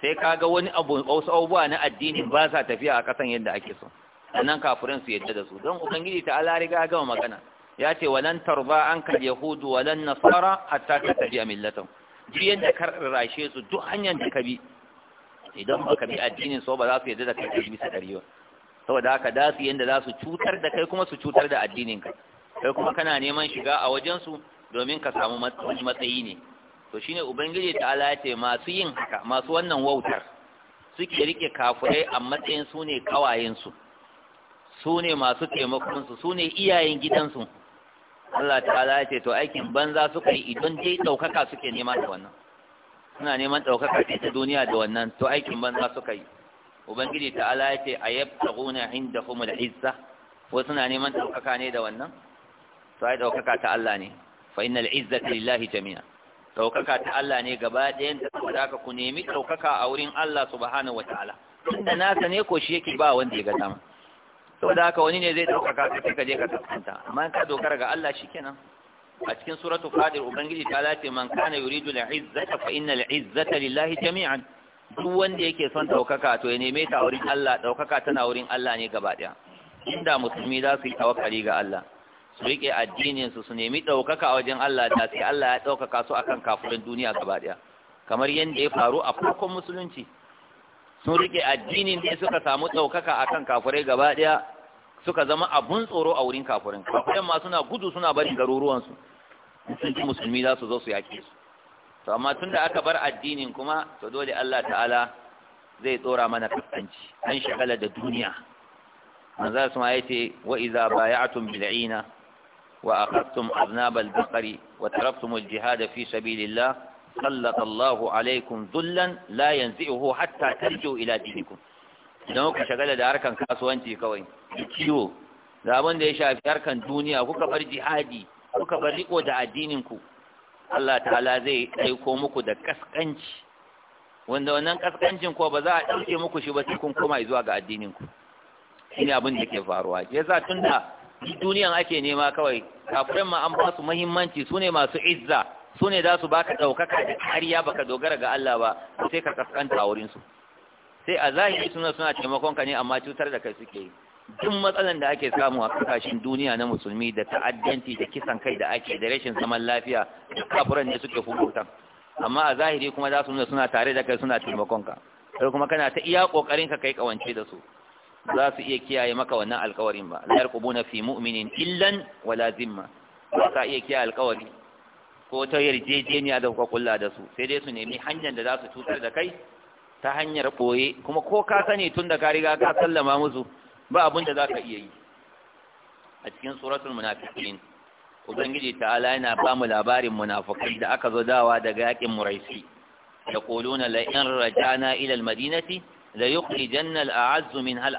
sai kaga wani abu wasu abubuwa na addinin ba sa tafiya a kasan yadda ake so sannan kafirin su yadda da su don ubangiji ta ala riga gama magana ya ce walan tarba an kal yahudu walan nasara hatta ta tabi a millatan duk yadda ka rashe su duk hanyar da ka bi idan baka bi addinin so ba za su yadda da kai bi bisa dari ba saboda haka da su yadda za su cutar da kai kuma su cutar da addinin ka kai kuma kana neman shiga a wajen su domin ka samu matsayi ne to shine ubangiji ta ala ce masu yin haka masu wannan wautar suke rike kafurai a matsayin su ne kawayensu su ne masu taimakonsu su ne iyayen gidansu Allah ta ala ce to aikin banza suka yi idan dai ɗaukaka suke nema da wannan suna neman ɗaukaka ce ta duniya da wannan to aikin banza suka yi ubangiji ta'ala ya ce a inda kuma da izza wa suna neman ɗaukaka ne da wannan to ai ɗaukaka ta Allah ne fa innal izzati lillahi jami'a ɗaukaka ta Allah ne gaba ɗayan ta saboda haka ku nemi ɗaukaka a wurin Allah subhanahu ta'ala. tunda nasa ne ko shi yake ba wanda ya ga dama saboda haka wani ne zai ɗaukaka ka sai ka je ka tsanta amma ka dogara ga Allah shikenan a cikin suratul fadir ubangiji ta lace man kana yuridu al-izzata fa innal izzata lillahi jami'an duk wanda yake son ɗaukaka to ya neme ta wurin Allah ɗaukaka tana wurin Allah ne gaba ɗaya inda musulmi za su yi tawakkali ga Allah su riƙe addininsu su nemi ɗaukaka a wajen Allah da sai Allah ya ɗaukaka su akan kafirin duniya gaba ɗaya kamar yadda ya faru a farkon musulunci sun riƙe addinin ne suka samu ɗaukaka akan kafurai gaba ɗaya suka zama abun tsoro a wurin kafirin kafirin ma suna gudu suna barin garuruwansu sun ji musulmi za su zo su yaƙe su to amma tun da aka bar addinin kuma to dole Allah ta'ala zai tsora mana kaskanci an shagala da duniya manzo su ma yace wa iza bay'atum bil'ina وأخذتم أذناب البقر وتركتم الجهاد fi سبيل الله سلط الله عليكم ذلا لا ينزئه حتى ترجعوا إلى دينكم idan kuka shagala da harkan kasuwanci kawai kiwo da abin da ya shafi harkan duniya kuka bar jihadi kuka bar riko da addininku Allah ta'ala zai aiko muku da kaskanci wanda wannan kaskancin ko ba za a ɗauke muku shi ba sai kun koma zuwa ga addininku shine abinda ke faruwa tun da. duk duniyan ake nema kawai kafirin ma an ba su muhimmanci su ne masu izza su ne za su baka ɗaukaka da ba baka dogara ga Allah ba sai ka kaskanta a wurinsu sai a zahiri suna suna taimakon ka ne amma cutar da kai suke yi duk matsalan da ake samu a kasashen duniya na musulmi da ta'addanci da kisan kai da ake da rashin zaman lafiya kafiran ne suke hukunta amma a zahiri kuma za su nuna suna tare da kai suna taimakon ka sai kuma kana ta iya kokarin ka kai kawance da su za su iya kiyaye maka wannan alkawarin ba la yarqubuna fi mu'minin illan wala zimma ba ka iya kiyaye alkawari ko ta yarjejeniya da kuka kulla da su sai dai su nemi hanyar da za su cutar da kai ta hanyar koye kuma ko ka sani tun da ka riga ka sallama musu ba abin da za ka iya yi a cikin suratul munafiqin ubangiji ta'ala yana ba mu labarin munafikai da aka zo dawa daga yakin muraisi yaquluna la in rajana ila al-madinati la yukhrijanna jannal a azumin al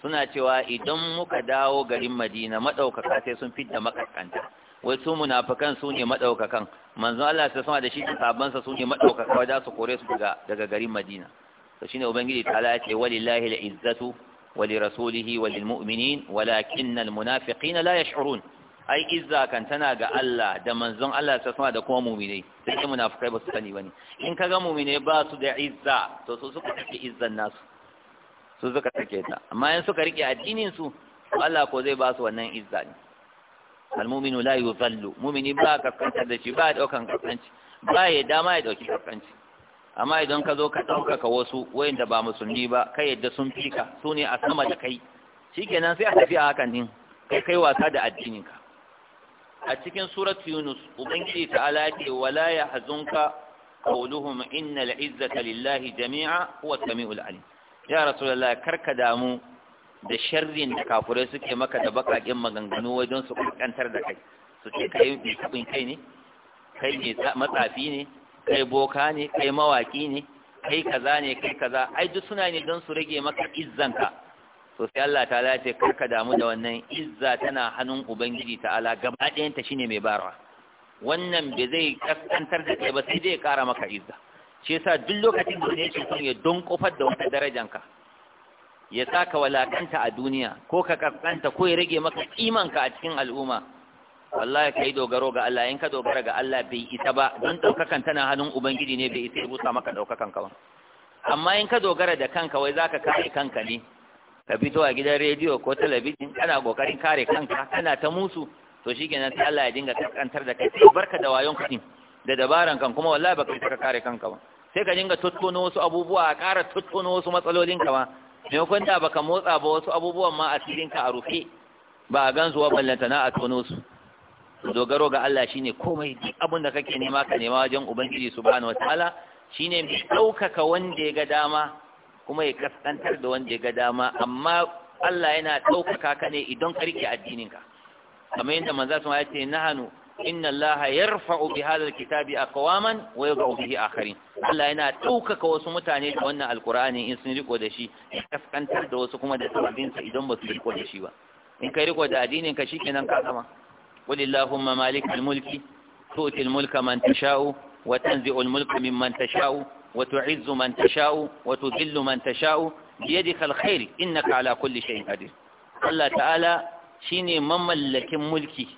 suna cewa idan muka dawo garin Madina madaukaka sai sun fidda makaskanta wai su munafikan su ne madaukakan manzon Allah sai sama da shi da sabansa su ne madaukaka wanda su kore su daga daga garin Madina to shine ubangiji ta Allah ya ce walillahi al-izzatu ولرسوله muminin ولكن المنافقين la يشعرون ai izza kan tana ga Allah da manzon Allah ta sama da kuma mu'minai sai kuma munafikai ba su sani bane in kaga mu'minai ba su da izza to su suka take izzan nasu su suka take ta amma in suka rike addinin su Allah ko zai ba su wannan izza ne mu'minu la yuzallu mu'mini ba kanta da shi ba daukan kaskanci ba ya dama ya dauki kaskanci amma idan ka zo ka ɗaukaka wasu wayanda ba musulmi ba kai yadda sun fika su ne a sama da kai shikenan sai a tafi a hakan din kai kai wasa da addininka a cikin surat yunus ubangiji ta alaƙe wala ya hazunka qawluhum innal izzata lillahi jami'a kuwa sami ul'ani ya rasulullah karka damu da sharrin da kafurai suke maka da bakakin maganganu wajen su kankantar da kai su ce kai mai tabin kai ne kai mai matsafi ne kai boka ne kai mawaƙi ne kai kaza ne kai kaza ai duk suna ne don su rage maka izzanka to sai Allah ta lace karka damu da wannan izza tana hannun ubangiji ta ala. gaba ɗayanta shine mai barawa wannan bai zai kaskantar da kai ba sai dai kara maka izza shi yasa duk lokacin da ne yake son ya don kofar da wata darajanka ya saka walakanta a duniya ko ka kaskanta ko ya rage maka kimanka a cikin al'umma wallahi kai dogaro ga Allah in ka dogara ga Allah bai isa ba don daukakan tana hannun ubangiji ne bai isa ya busa maka daukakan ka ba amma in ka dogara da kanka wai zaka kare kanka ne ka fito a gidan rediyo ko talabijin kana kokarin kare kanka kana ta musu to shikenan sai Allah ya dinga kaskantar da kai barka da wayon kudin da dabaran kan kuma wallahi baka ka kare kanka ba sai ka dinga tuttuno wasu abubuwa a ƙara tuttuno wasu matsalolin ka ma kun da baka motsa ba wasu abubuwan ma a ka a rufe ba a gansu wa ballanta na a tono su dogaro ga Allah shine komai duk abin da kake nema ka nema wajen ubangiji subhanahu wataala shine mai ɗaukaka wanda ya ga dama kuma ya kaskantar da wanda ya ga dama amma Allah yana ɗaukaka ka ne idan ka rike addininka kamar yadda manzo sun ya ce nahanu inna Allah yarfa'u bi hadha alkitabi aqwaman wa yad'u bihi akharin Allah yana ɗaukaka wasu mutane da wannan alqur'ani in sun riko da shi ya kaskantar da wasu kuma da sabbin sa idan ba su riko da shi ba in ka riko da addininka shikenan ka sama qul illahumma malikal mulki tu'til mulka man tasha'u wa tanzi'ul mulka mimman tasha'u وتعز من تشاء وتذل من تشاء بيدك الخير إنك على كل شيء قدير الله تعالى shine mamallakin mulki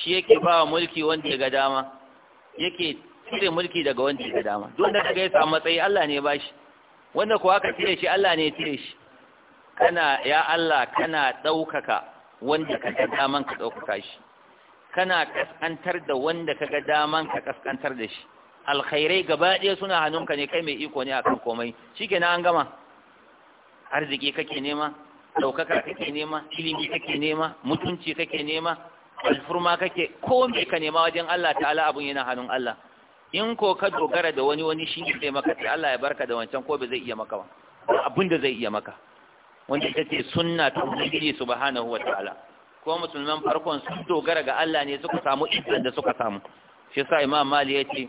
shi yake ba mulki wanda ga dama yake cire mulki daga wanda ga dama Don da kaga ya samu matsayi Allah ne bashi. wanda kuwa aka cire shi Allah ne ya shi kana ya Allah kana ɗaukaka wanda ka ga daman ka ɗaukaka shi kana kaskantar da wanda ka ga daman ka kaskantar da shi alkhairai gaba ɗaya suna hannunka ne kai mai iko ne a kan komai na an gama arziki kake nema ɗaukaka kake nema ilimi kake nema mutunci kake nema alfurma kake ko me ka nema wajen Allah ta'ala abun yana hannun Allah in ko ka dogara da wani wani shi ne maka sai Allah ya barka da wancan ko ba zai iya maka ba abin da zai iya maka wanda ta ce sunna ta Ubangiji subhanahu wa ta'ala ko musulman farkon sun dogara ga Allah ne suka samu izzan da suka samu shi yasa Imam Mali yace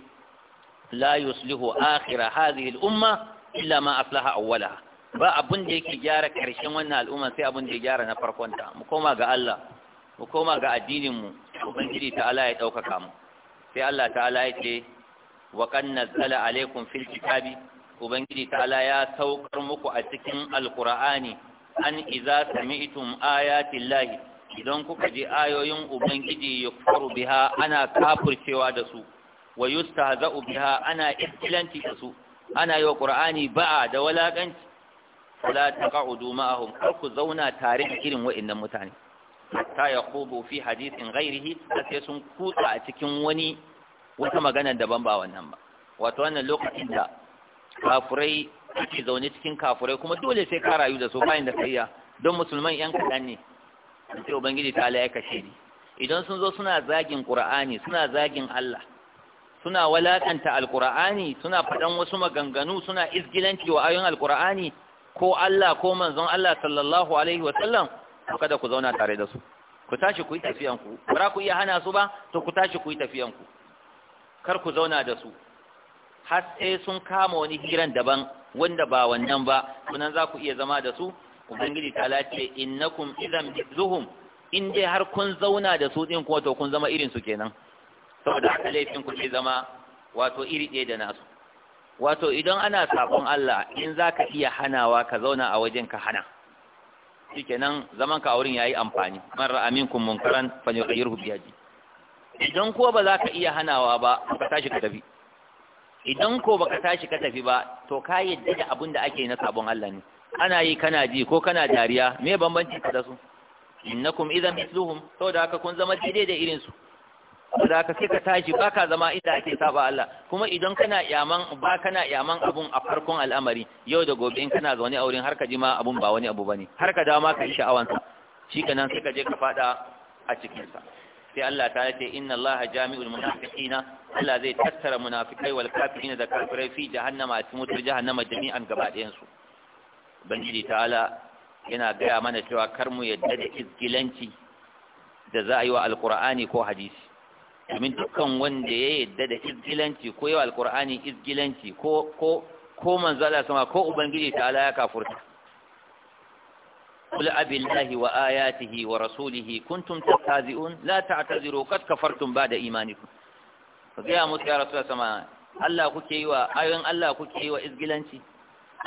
la yuslihu akhira hadhihi al-umma illa ma aslaha awwalaha ba abun da yake gyara karshen wannan al'umma sai abun da ya gyara na farkon ta mu koma ga Allah mu koma ga addinin mu ubangiji ta'ala ya daukaka mu sai Allah ta'ala ya ce wa qad nazzala alaykum fil kitabi ubangiji ta'ala ya saukar muku a cikin alqur'ani an idza sami'tum ayati llahi idan kuka ji ayoyin ubangiji yukfaru biha ana kafircewa da su wa yustahza'u biha ana ibtilanti da su ana yi wa qur'ani ba'a da walakanci wala taq'udu ma'ahum kar ku zauna tare da irin wa'annan mutane hatta yaqubu fi hadithin ghairihi sai sun kutsa a cikin wani wata magana daban ba wannan ba wato wannan lokacin da kafurai ke zaune cikin kafurai kuma dole sai ka rayu da su bayan da kariya don musulman yan kaɗan ne sai ubangiji ta ya kashe ni idan sun zo suna zagin qur'ani suna zagin Allah suna walakanta alqur'ani suna faɗan wasu maganganu suna izgilanci wa ayoyin alqur'ani ko Allah ko manzon Allah sallallahu alaihi wasallam to kada ku zauna tare da su ku tashi ku yi tafiyan ku bara ku iya hana su ba to ku tashi ku yi tafiyan ku kar ku zauna da su har sai sun kama wani hiran daban wanda ba wannan ba kunan za ku iya zama da su ubangiji ta lace innakum idan zuhum in dai har kun zauna da su din kuma to kun zama irin su kenan saboda haka laifin ku zai zama wato iri ɗaya da nasu wato idan ana sabon Allah in za ka iya hanawa ka zauna a wajen ka hana kenan zaman ka a wurin ya yi amfani man ra'amin kun munkaran yi rubiya ji idan ko ba za ka iya hanawa ba ka tashi ka tafi idan ko ba ka tashi ka tafi ba to ka yadda da abin da ake na sabon Allah ne ana yi kana ji ko kana dariya me bambanci ka da su innakum idan mithluhum saboda haka kun zama daidai da irin su da ka sai ka tashi baka zama inda ake saba Allah kuma idan kana yaman ba kana yaman abun a farkon al'amari yau da gobe in kana zaune a wurin har ka ji ma abun ba wani abu bane har ka dawo ma ka yi sha'awan sa shikenan sai ka je ka fada a cikin sa sai Allah ta ce inna Allah jami'ul munafiqina Allah zai tattara munafikai wal kafirina da kafirai fi jahannama a cikin jahannama jami'an gaba ɗayan su ubangiji ta'ala yana gaya mana cewa kar mu yadda da izgilanci da za a yi wa alqur'ani ko hadisi domin dukkan wanda ya yadda da izgilanci ko yawa alkur'ani izgilanci ko ko ko manzala sama ko ubangiji ta ala ya kafurta قل أبي الله وآياته ورسوله كنتم تستهزئون لا تعتذروا قد كفرتم بعد إيمانكم فقيا ya يا رسول sama Allah kuke yi wa ayoyin Allah kuke yi wa izgilanci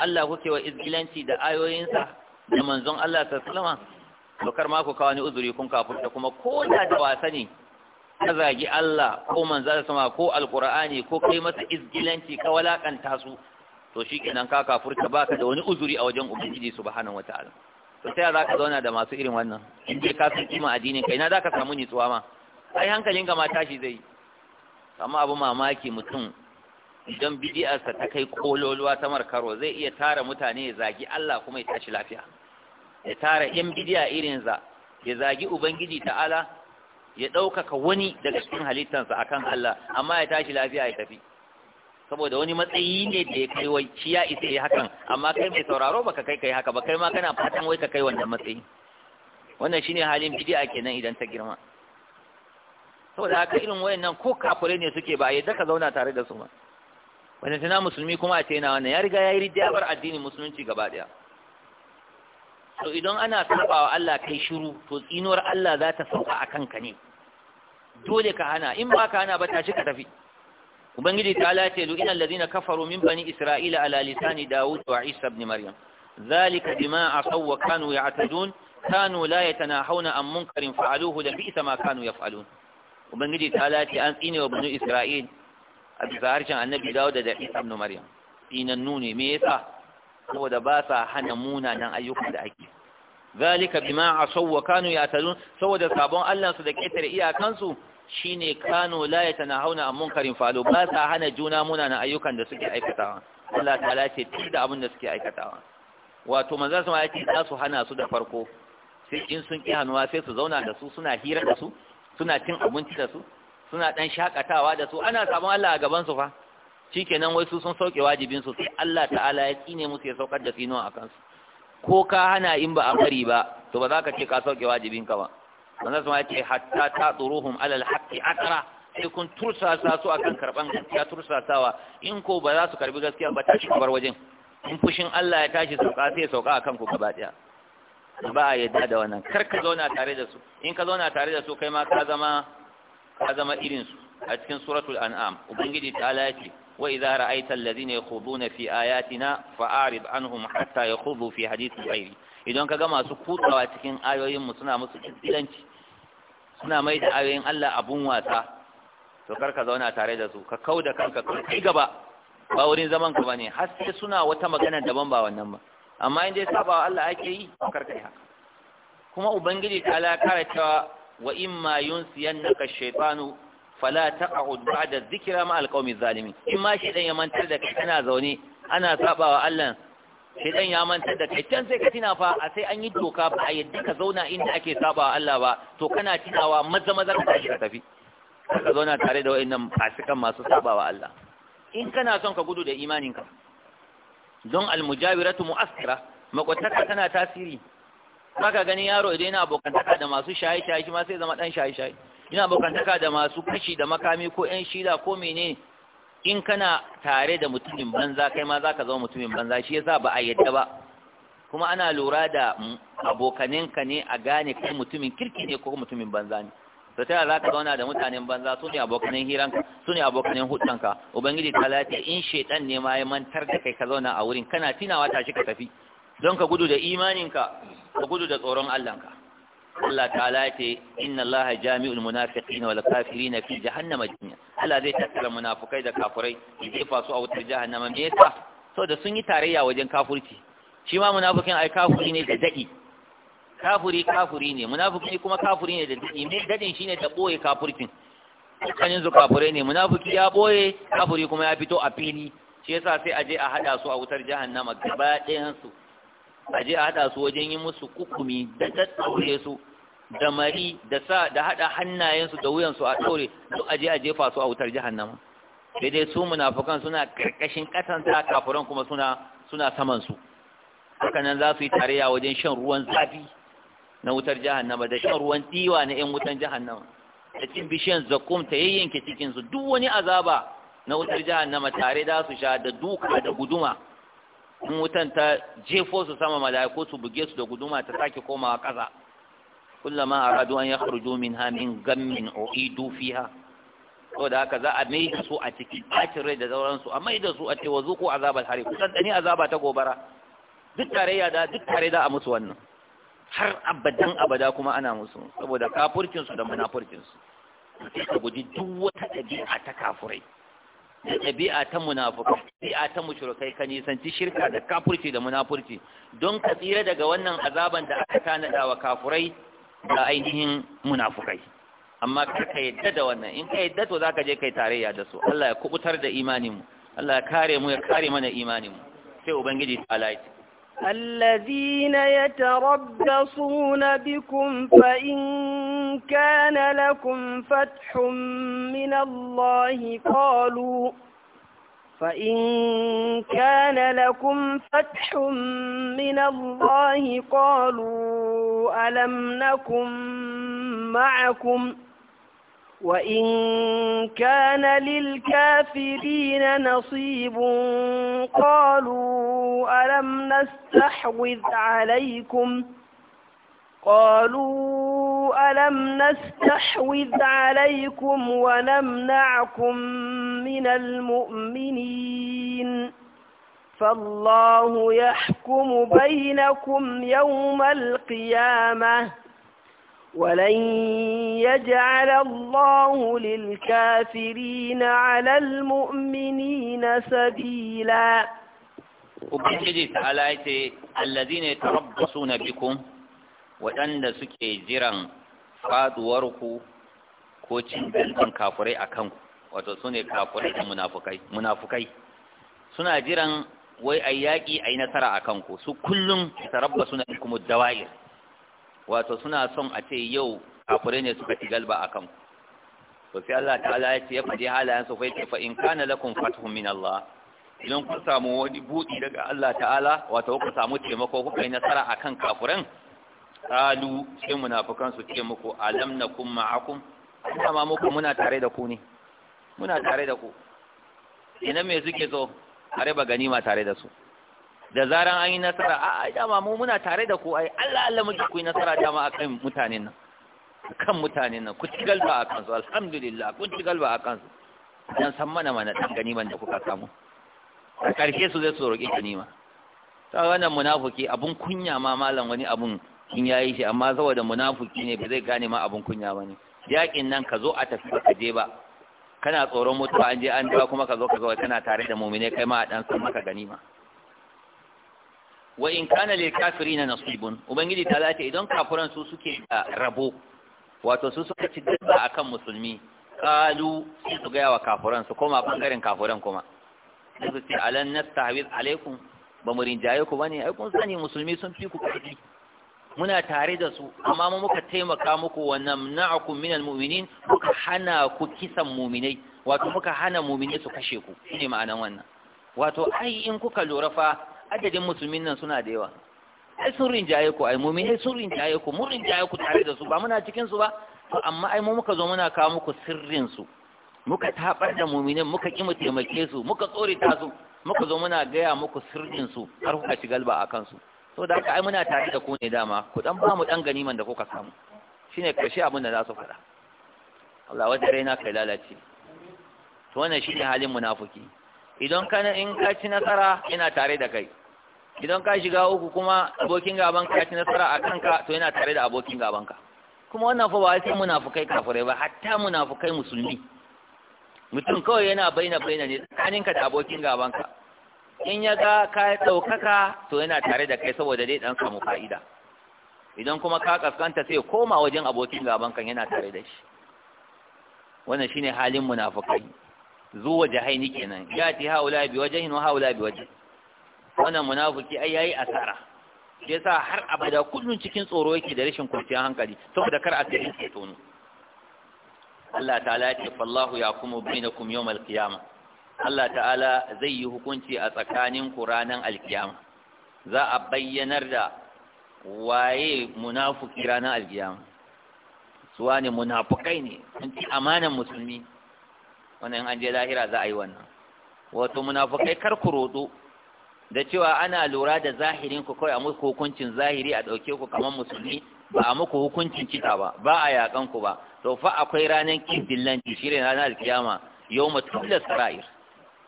Allah kuke wa izgilanci da ayoyinsa da manzon Allah sallallahu alaihi wasallam to kar ma ku kawani ni uzuri kun kafurta kuma ko da da ka zagi Allah ko manzara sama ko alkur'ani ko kai masa izgilanci ka walakanta su to shi kenan ka kafurta baka da wani uzuri a wajen ubangiji subhanahu wataala to sai za ka zauna da masu irin wannan in dai ka san kima addinin kai na za ka samu nitsuwa ma ai hankalin ka ma tashi zai amma abu mamaki mutum idan bidiyarsa ta kai kololuwa ta markaro zai iya tara mutane ya zagi Allah kuma ya tashi lafiya ya tara yan bidiya za, ya zagi ubangiji ta'ala ya ɗaukaka wani daga cikin halittansa kan Allah amma ya tashi lafiya ya tafi saboda wani matsayi ne da ya kai wai ya isa ya hakan amma kai mai sauraro baka kai kai haka ba kai ma kana fatan wai ka kai wannan matsayi wannan shine halin bid'a kenan idan ta girma saboda haka irin wayannan ko kafure ne suke ba yadda ka zauna tare da su ma wannan tana musulmi kuma a ce wannan ya riga ya yi riddiya bar addinin musulunci gaba daya to idan ana sabawa Allah kai shiru to tsinuwar Allah za ta sauka akan ka ne dole ka hana in ba ka hana ba tashi ka tafi ubangiji ta lace lu inal ladina kafaru min bani isra'ila ala lisani daud wa isa ibn maryam zalika bima asaw wa kanu ya'tadun kanu la yatanahawna an munkarin fa'aluhu la bi'sa ma kanu yaf'alun ubangiji ta lace an tsine wa bani isra'il a bisa harshen annabi daud da isa ibn maryam tsinan nune me yasa saboda ba sa hana munanan ayyukan da ake zalika bima asaw wa kanu ya'tadun saboda sabon Allah su da ketare iyakansu shine kanu la yatanahuna an munkarin falo ba sa hana juna muna na ayyukan da suke aikatawa Allah ta'ala ce duk da abin da suke aikatawa wato manzo sama ya ce za su hana su da farko sai in sun ki hannuwa sai su zauna da su suna hira da su suna cin abinci da su suna dan shakatawa da su ana sabon Allah a gaban su fa shikenan wai su sun sauke wajibin su sai Allah ta'ala ya tsine musu ya saukar da tsinon a kansu ko ka hana in ba a bari ba to ba za ka ce ka sauke wajibin ka ba manzon sama yace hatta ta taturuhum alal haqqi aqra sai kun tursasa su akan karban gaskiya tursasawa in ko ba za su karbi gaskiya ba tashi bar wajen in fushin Allah ya tashi sauka sai ya sauka akan ku gaba daya ba a yadda da wannan kar ka zauna tare da su in ka zauna tare da su kai ma ka zama ka zama irin su a cikin suratul an'am ubangiji ta ya ce وإذا رأيت الذين يخوضون في آياتنا فأعرض عنهم حتى يخوضوا في حديث غيري idan ka ga masu kutsawa cikin ayoyinmu suna musu kilanci suna mai ayoyin Allah abun wasa to kar ka zauna tare da su ka kau da kanka ka kai gaba ba wurin zaman bane har suna wata magana daban ba wannan ba amma in dai sabawa Allah ake yi kar haka kuma ubangiji ta la wa imma yunsiyannaka shaytanu fala taq'ud ba'da dhikra ma alqawmi zalimin in ma shi shedan ya mantar da kai kana zaune ana sabawa Allah shedan ya mantar da kai can sai ka tina fa a sai an yi doka ba a yadda ka zauna inda ake sabawa Allah ba to kana tinawa maza maza ka tashi ka tafi ka zauna tare da wayannan fasikan masu sabawa Allah in kana son ka gudu da imaninka don almujawiratu mu'assira makwataka tana tasiri Saka gani yaro idan yana abokantaka da masu shaye-shaye shi sai zama dan shaye-shaye ina abokantaka da masu kashi da makami ko yan shida ko mene in kana tare da mutumin banza kai ma zaka zama mutumin banza shi yasa ba a yadda ba kuma ana lura da abokaninka ne a gane kai mutumin kirki ne ko mutumin banza ne to tana za ka zauna da mutanen banza su ne abokanin hiranka su ne abokanin hudanka ubangiji ta lati in shaitan ne ma ya mantar da kai ka zauna a wurin kana tinawa tashi ka tafi don ka gudu da imaninka ka gudu da tsoron allahnka Allah ta'ala ce inna Allah jami'ul munafiqin wal kafirin fi jahannama jami'a Allah zai tattara munafukai da kafirai ya jefa su a wutar jahannama me yasa saboda sun yi tarayya wajen kafurci shi ma munafikin ai kafuri ne da dadi kafuri kafuri ne munafiki kuma kafuri ne da dadi me dadin shine da boye kafurcin kanin zu kafurai ne munafiki ya boye kafuri kuma ya fito a fili shi yasa sai aje a hada su a wutar jahannama gaba ɗayan su aje a hada su wajen yi musu kukumi da tsaure su da mari da sa da hada hannayensu da wuyansu a dore su aje a jefa su a wutar jahannama sai dai su munafukan suna karkashin kasan ta kafuran kuma suna suna saman su haka nan za su yi tarayya wajen shan ruwan zafi na wutar jahannama da shan ruwan tiwa na yan wutan jahannama da cin bishiyan zakum ta yayyanke cikin su duk wani azaba na wutar jahannama tare da su sha da duka da guduma in wutan ta jefo su sama mala'iku su buge su da guduma ta sake komawa ƙasa kullama aradu an yakhruju minha min gammin uidu fiha saboda haka za a mai da su a cikin bacin rai da sauransu a mai da su a ce wa zuku azabal hari kusan dani azaba ta gobara duk tarayya da duk tare da a musu wannan har abadan abada kuma ana musu saboda kafurkin su da munafurkin su sai ka guji duk wata ɗabi'a ta kafurai da ɗabi'a ta munafukai ɗabi'a ta mushrikai ka nisanci shirka da kafurci da munafurci don ka tsira daga wannan azaban da aka tanada wa kafurai da ainihin munafukai amma ka yadda da wannan in ka yadda to za ka je kai tarayya da su Allah ya kubutar da imaninmu, Allah ya kare mu ya kare mana imaninmu, mu sai ubangiji ta Allah ya الذين يتربصون بكم فإن كان لكم فتح من الله قالوا فإن كان لكم فتح من الله قالوا ألم نكن معكم وإن كان للكافرين نصيب قالوا ألم نستحوذ عليكم قالوا ألم نستحوذ عليكم ونمنعكم من المؤمنين فالله يحكم بينكم يوم القيامة ولن يجعل الله للكافرين على المؤمنين سبيلا وبالحديث على آية الذين يتربصون بكم waɗanda suke jiran faduwarku ko cin dantsan kafurai a kanku wato su ne kafurai da munafukai munafukai suna jiran wai a yaƙi a yi nasara a kanku su kullum tarabba suna kuma dawayar wato suna son a ce yau kafurai ne suka ci galba a kanku to sai Allah ta'ala ya ce ya faɗi halayen su fai yake in kana lakum fatuhun min Allah idan kun samu wani buɗi daga Allah ta'ala wato ku samu taimako kuka yi nasara akan kafuran kalu sai munafikan su ce muku alam nakum ma'akum kama muku muna tare da ku ne muna tare da ku ina mai suke so a raba ganima tare da su da zaran an yi nasara a a dama mu muna tare da ku ai Allah Allah muke ku yi nasara dama akan mutanen nan kan mutanen nan ku ci galba a kansu alhamdulillah ku ci galba a kansu dan san mana mana dan ganiman da kuka samu a karshe su zai su roƙi ganima ta wannan munafiki abun kunya ma malam wani abun in yayi shi amma saboda munafuki ne ba zai gane ma abin kunya bane yakin nan ka zo a tafi ka je ba kana tsoron mutuwa an je an dawo kuma ka zo ka zo kana tare da mu'mine kai ma a dan san maka ganima wa in kana lil kafirina nasibun ubangiji ta lati idan kafiran su suke da rabo wato su suka ci dabba akan musulmi qalu su ga yawa kafiran su koma bangaren kafiran kuma sai su ce alan nastahwiz alaikum ba mu rinjaye ku bane ai kun sani musulmi sun fi ku karfi muna tare da su amma mu muka taimaka muku wa namna'akum minal mu'minin muka hana ku kisan mu'minai wato muka hana mu'minai su kashe ku shine ma'anan wannan wato ai in kuka lura fa adadin musulmin nan suna da yawa ai sun rinjaye ku ai mu'minai sun rinjaye ku mun rinjaye ku tare da su ba muna cikin su ba to amma ai mu muka zo muna kawo muku sirrin su muka tabar da mu'minin muka ki mu taimake su muka tsorita su muka zo muna gaya muku sirrin su har kuka shigalba a kansu so da aka aimuna tare da ku ne dama ku dan ba mu dan ganiman da kuka samu shine kashi abin da za su faɗa Allah wata raina kai lalace to wannan shine halin munafiki idan kana in ka ci nasara ina tare da kai idan ka shiga uku kuma abokin gaban ka ci nasara a kanka to ina tare da abokin gaban ka kuma wannan fa ba sai munafukai kafirai ba hatta munafukai musulmi mutum kawai yana bayyana bayyana ne tsakaninka da abokin gaban ka in ya ga ka ɗaukaka to yana tare da kai saboda dai ɗan samu fa'ida idan kuma ka ƙasƙanta sai koma wajen abokin gaban kan yana tare da shi wannan shine halin munafukai, zuwa jahaini kenan ya ce haula bi waje wa haula bi waje. wannan munafuki ai yayi asara yasa har abada kullun cikin tsoro yake da rashin kwanciyar hankali saboda kar a tsaye ke tono Allah ta'ala ya ce fallahu yakumu bainakum yawmal qiyamah Allah ta'ala zai yi hukunci a tsakanin ranar alkiyama za a bayyanar da waye munafuki ranar alkiyama suwa ne munafukai ne sun ci amanan musulmi wannan an je lahira za a yi wannan wato munafukai kar ku rodo da cewa ana lura da zahirin ku kawai a muku hukuncin zahiri a ɗauke ku kamar musulmi ba a muku hukuncin kita ba ba a yakan ku ba to fa akwai ranar kidillanci shi ne ranar alkiyama yau mutum da sara'ir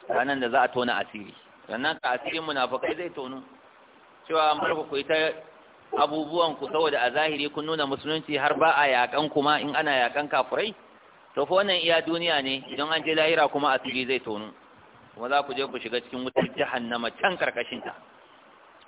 ranar da za a tona asiri sannan ka asirin munafukai zai tonu cewa an barku ku ita abubuwan ku saboda a zahiri kun nuna musulunci har ba a yakan kuma in ana yakan kafurai to fa wannan iya duniya ne idan an je lahira kuma asiri zai tonu kuma za ku je ku shiga cikin wutar jahannama can karkashin ta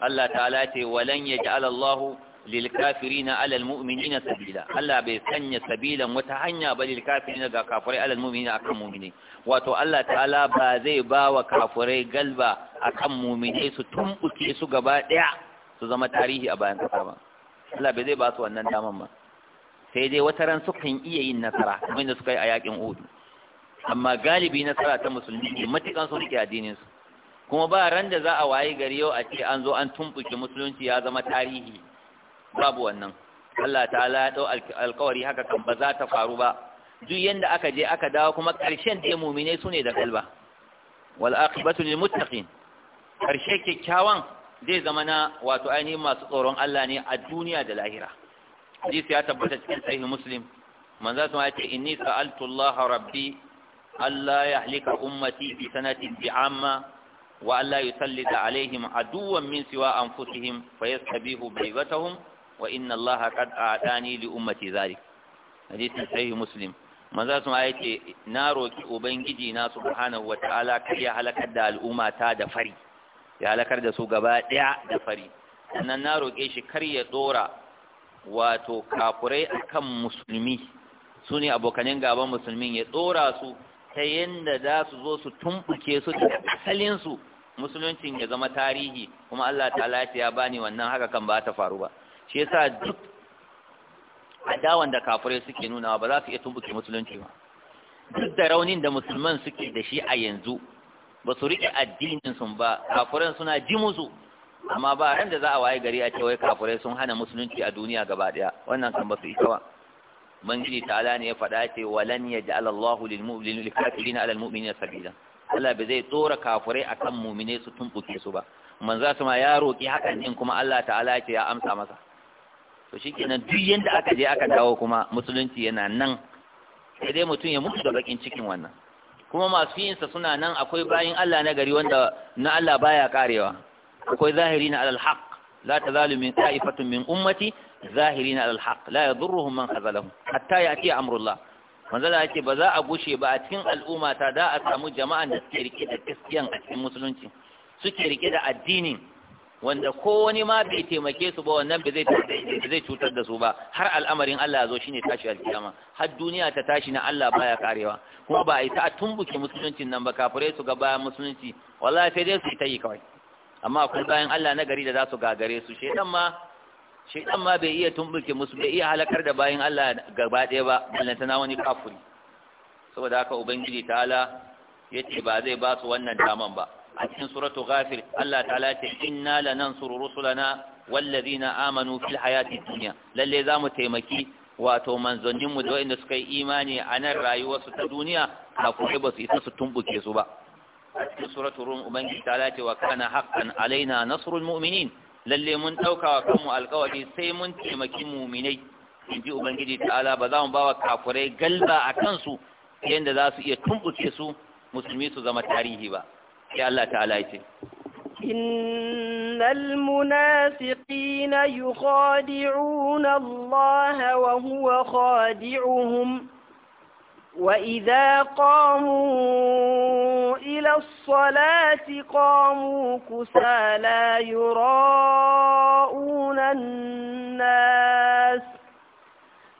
Allah ta'ala ce walan yaj'al Allahu lil kafirina alal mu'minina sabila Allah bai sanya sabilan wata hanya ba lil kafirina ga kafirai alal mu'minina akan mu'mini wato Allah ta'ala ba zai ba wa kafirai galba akan mu'mini su tumbuke su gaba daya su zama tarihi a bayan kasa ba Allah bai zai ba su wannan daman ba sai dai wata ran kan iya yin nasara kamar da suka yi a yakin Uhud amma galibi nasara ta musulmi ne matukan su rike addinin su kuma ba ran da za a wayi gari yau a ce an zo an tumbuke musulunci ya zama tarihi babu wannan Allah ta'ala ya dau alƙawari haka kan ba za ta faru ba duk yanda aka je aka dawo kuma ƙarshen da mu'mine sune da kalba wal aqibatu lil muttaqin ƙarshe kyakkyawan zai zama na wato ainihin masu tsoron Allah ne a duniya da lahira hadisi ya tabbata cikin sahih muslim manzo sun ce inni sa'altu Allah rabbi alla yahlika ummati bi sanatin bi amma wa alla yusallita alaihim aduwwan min siwa anfusihim fayastabihu baybatahum wa inna allaha qad a'tani li ummati zalik hadisin sahih muslim manzo sun ayi ce na roki ubangiji na subhanahu wataala kar ya halakar da al'umma ta da fari ya halakar da su gaba daya da fari sannan na roke shi kar ya dora wato kafurai akan musulmi su ne abokanin gaban musulmin ya dora su ta yadda za su zo su tumbuke su da asalin su musuluncin ya zama tarihi kuma Allah Ta ya bani wannan haka kan ba ta faru ba shi yasa duk adawan da kafirai suke nunawa ba za su iya tumbuke musulunci ba duk da raunin da musulman suke da shi a yanzu ba su riƙe addinin sun ba kafirai suna ji musu amma ba ran da za a waye gari a wai kafirai sun hana musulunci a duniya gaba daya wannan kan ba su ita ba ubangiji ta'ala ne ya faɗa ce walan yaj'al Allahu lil mu'minina lil 'ala al mu'minina sabila Allah bai zai tsora kafirai akan mu'mine su tumbuke su ba manzo sama ya roki hakan din kuma Allah ta'ala ce ya amsa masa to shikenan duk yanda aka je aka dawo kuma musulunci yana nan sai dai mutum ya mutu da bakin cikin wannan kuma masu yinsa suna nan akwai bayin Allah na gari wanda na Allah baya karewa akwai zahirina alal haqq la tazalu min qa'ifatin min ummati zahirina alal haqq la yadurruhum man khazalahum hatta ya'ti amrullah manzala yake ba za a gushe ba a cikin al'umma ta da a samu jama'an da suke rike da gaskiyan a cikin musulunci suke rike da addinin wanda ko wani ma bai taimake su ba wannan bai zai cutar da su ba har al'amarin Allah ya zo shine tashi alkiyama har duniya ta tashi na Allah baya karewa kuma ba a yi ta tumbuke musuluncin nan ba kafure su ga bayan musulunci wallahi sai dai su ta yi kawai amma akwai bayan Allah na gari da za su gagare su shedan ma shedan ma bai iya tumbuke musu bai iya halakar da bayan Allah gaba ɗaya ba ballantana wani kafuri saboda haka ubangiji ta'ala yace ba zai ba su wannan daman ba a cikin suratu ghafir Allah ta'ala ce inna lanansuru rusulana wallazina amanu fil hayati dunya lalle zamu taimaki wato manzanninmu da wanda suka yi imani a nan rayuwarsu ta duniya kafin ba su isa su tumbuke su ba a cikin suratul rum ubangiji ta'ala ce wa kana haqqan alaina nasrul mu'minin lalle mun dauka wa kanmu alƙawari sai mun taimaki mu'minai inji ubangiji ta'ala ba za mu bawa kafurai galba a kansu yadda za su iya tumbuke su musulmi su zama tarihi ba يا الله تعالى يتي إن المنافقين يخادعون الله وهو خادعهم وإذا قاموا إلى الصلاة قاموا كسى لا يراءون الناس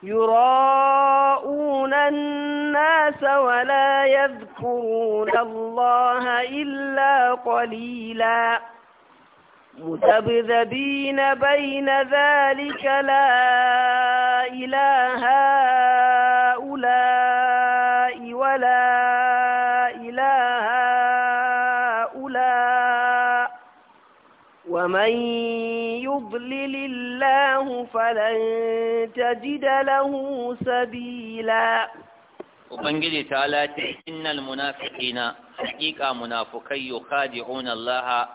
يراءون الناس الناس ولا يذكرون الله إلا قليلا مذبذبين بين ذلك لا إله هؤلاء ولا إله هؤلاء ومن يضلل الله فلن تجد له سبيلا ubangiji ta lati innal munafiqina haqiqa munafukai yukhadi'un Allah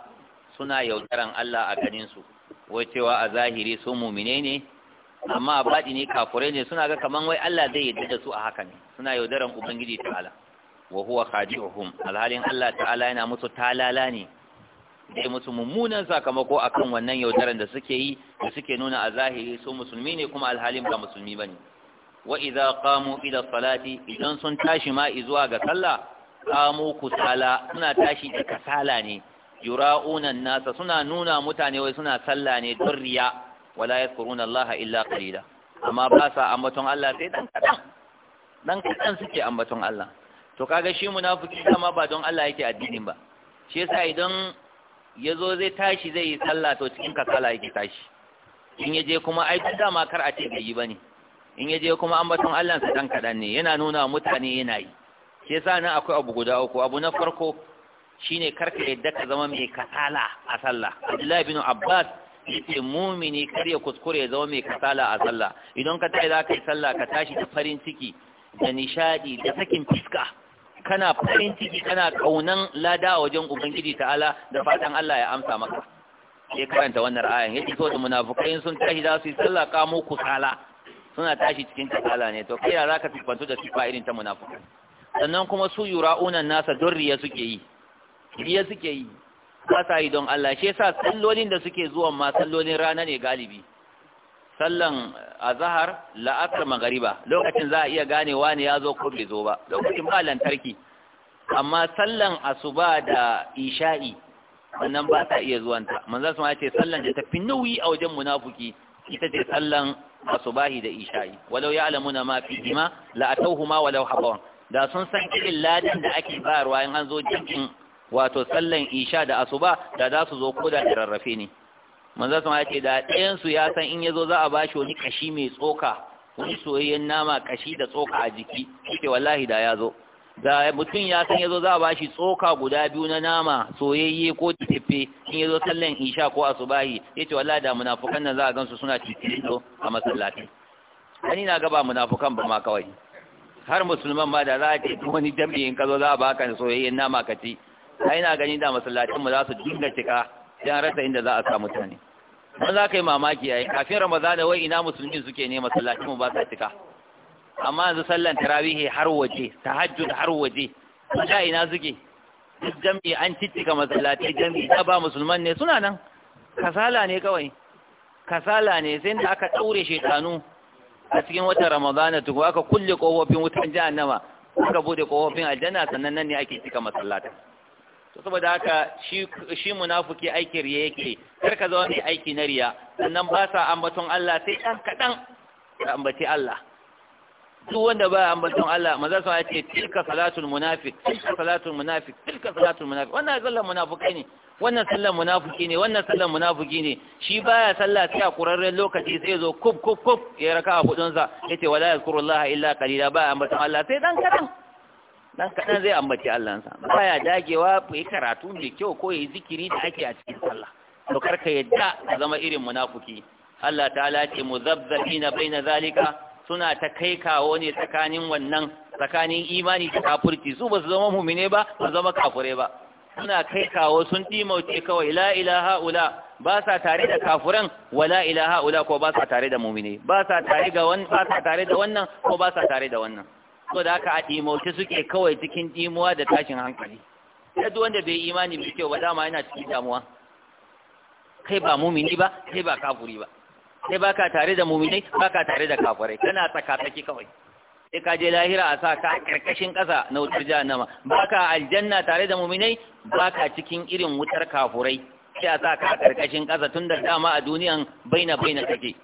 suna yaudaran Allah a ganin su wai cewa a zahiri su mu'mine ne amma a baɗi ne kafure ne suna ga kaman wai Allah zai yarda da su a haka ne suna yaudaran ubangiji ta Allah. wa huwa khadi'uhum alhalin Allah ta'ala yana musu talala ne dai musu mummunan sakamako akan wannan yaudaran da suke yi da suke nuna a zahiri su musulmi ne kuma alhalin ba musulmi bane wa idza qamu ila salati idan sun tashi ma zuwa ga sallah qamu kusala suna tashi da kasala ne yura'una nasa suna nuna mutane wai suna sallah ne don riya wala yadhkuruna Allah illa qalila amma ba sa ambaton Allah sai dan kadan dan kadan suke ambaton Allah to kaga shi munafiki dama ba don Allah yake addinin ba shi yasa idan yazo zai tashi zai yi sallah to cikin kasala yake tashi in yaje kuma ai dama kar a ce bai yi bane in ya je kuma ambaton Allah sa dan kadan ne yana nuna mutane yana yi shi yasa nan akwai abu guda uku abu na farko shine karka yadda ka zama mai kasala a sallah Abdullahi bin Abbas yace mumini kar ya kuskure ya zama mai kasala a sallah idan ka tashi zaka yi sallah ka tashi da farin ciki da nishadi da sakin fiska kana farin ciki kana kaunan lada a wajen ubangiji ta'ala da fatan Allah ya amsa maka Sai karanta wannan ayan yace so da munafukai sun tashi za su yi sallah kamo kusala suna tashi cikin kasala ne to kai ya zaka sifantu da su irin ta munafiki sannan kuma su yura'unan nasa don riya suke yi riya suke yi ba sa yi don Allah shi yasa sallolin da suke zuwa ma sallolin rana ne galibi sallan eh, azhar la'asar magriba lokacin za a iya ganewa ne ya zo ko bai zo ba lokacin ba lantarki amma sallan asuba da isha'i wannan ba ta iya zuwanta manzo sun ce sallan da fi nauyi a wajen munafiki ita ce sallan asubahi da isha'i walau ya alamu ma fi jima la atawhuma walau habawan da sun san irin ladan da ake bayarwa in an zo jikin wato sallan isha da asuba da za su zo ko da rarrafe ne manzo sama yace da ɗayan su ya san in yazo za a bashi wani kashi mai tsoka wani soyayyen nama kashi da tsoka a jiki yake wallahi da ya zo da mutum ya san yazo za a bashi tsoka guda biyu na nama soyayye ko tafe in yazo sallan isha ko asubahi yace wallahi da munafukan nan za a gansu suna cikin a masallaci ani na gaba munafukan ba ma kawai har musulman ma da za a ce wani dambe in kazo za a baka soyayyen nama ka ci ai na gani da masallacin mu za su dinga cika dan rasa inda za a sa mutane mun za ka yi mamaki yayi kafin ramadana wai ina musulmin suke ne masallacin mu ba sa cika amma yanzu sallan tarawihi har waje tahajjud har waje da ina suke duk jami'i an cicika masallatai jami'i da ba musulman ne suna nan kasala ne kawai kasala ne sai da aka daure shekanu a cikin watan ramadana tuku aka kulle kofofin wutan jahannama aka bude kofofin aljanna sannan nan ne ake cika masallatai to saboda haka shi shi munafiki aiki riya yake kar ka zama mai aiki na riya sannan ba sa ambaton Allah sai dan kadan ambaci Allah duk wanda ba ambaton Allah maza sun ce tilka salatul munafiq tilka salatul munafiq tilka salatul munafiq wannan sallan munafiki ne wannan sallan munafiki ne wannan sallan munafiki ne shi baya sallah sai a kurarren lokaci sai zo kub kub kub ya raka a hudun sa yace wala yazkurullah illa qalila ba ambaton Allah sai dan kadan dan kadan zai ambaci Allah sa baya dagewa yi karatu mai kyau ko yi zikiri da ake a cikin sallah to karka yadda zama irin munafiki Allah ta'ala ce muzabzabina baina zalika suna ta kai kawo ne tsakanin wannan tsakanin imani da kafurci su ba su zama mumine ba su zama kafure ba suna kai kawo sun timauce kawai la ilaha ula ba sa tare da kafuran wala ilaha ula ko ba sa tare da mumine ba sa tare ga wannan ba sa tare da wannan ko ba sa tare da wannan so da aka timauce suke kawai cikin dimuwa da tashin hankali sai duk wanda bai imani mai kyau ba dama yana cikin damuwa kai ba mumini ba kai ba kafuri ba sai baka tare da muminai baka tare da kafirai kana tsakatsaki kawai sai ka je lahira a sa ka karkashin ƙasa na wutar jahannama baka aljanna tare da muminai baka cikin irin wutar kafurai sai a sa ka karkashin kasa tun da dama a duniyan baina baina kake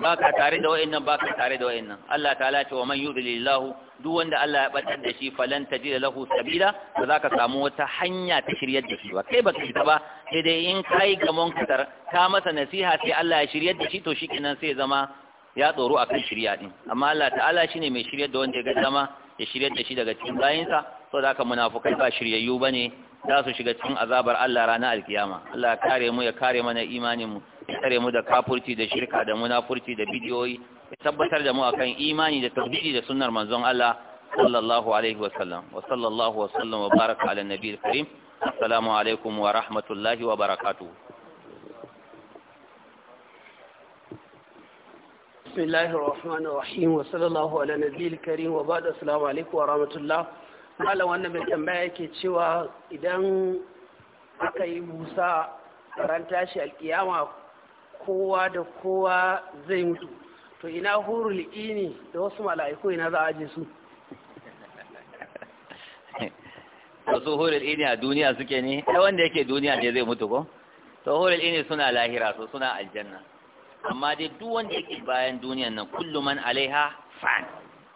ba ka tare da wa'annan ba ka tare da wa'annan Allah ta'ala ce wa man lillahu duk wanda Allah ya batar da shi falan da lahu sabila ba za ka samu wata hanya ta shiryar da shi ba kai baka fita ba sai dai in kai ga katar ta masa nasiha sai Allah ya shiryar da shi to shikenan sai ya zama ya tsoro akan shirya din amma Allah ta'ala shine mai shiryar da wanda ya ga zama. ya shirye da shi daga cikin bayinsa so da haka munafukai ba shiryayyu ba ne? za su shiga cikin azabar Allah ranar alkiyama Allah ya kare mu ya kare mana imanin mu ya kare mu da kafurci da shirka da munafurci da bidiyoyi ya tabbatar da mu akan imani da tauhidi da sunnar manzon Allah sallallahu alaihi wa sallam wa sallallahu wa sallam wa baraka ala nabiyil karim assalamu alaikum wa rahmatullahi wa barakatuh بسم الله الرحمن الرحيم وصلى الله على نبي الكريم وبعد السلام عليكم ورحمة الله tambaya yake cewa idan aka yi busa ran tashi alkiyama kowa da kowa zai mutu to ina hurul da wasu mala'iku ina su wasu hurul ini a duniya suke ne ai wanda yake duniya ne zai mutu ko to hurul ini suna lahira so suna aljanna amma dai duk wanda yake bayan duniyan nan kullu man alaiha fan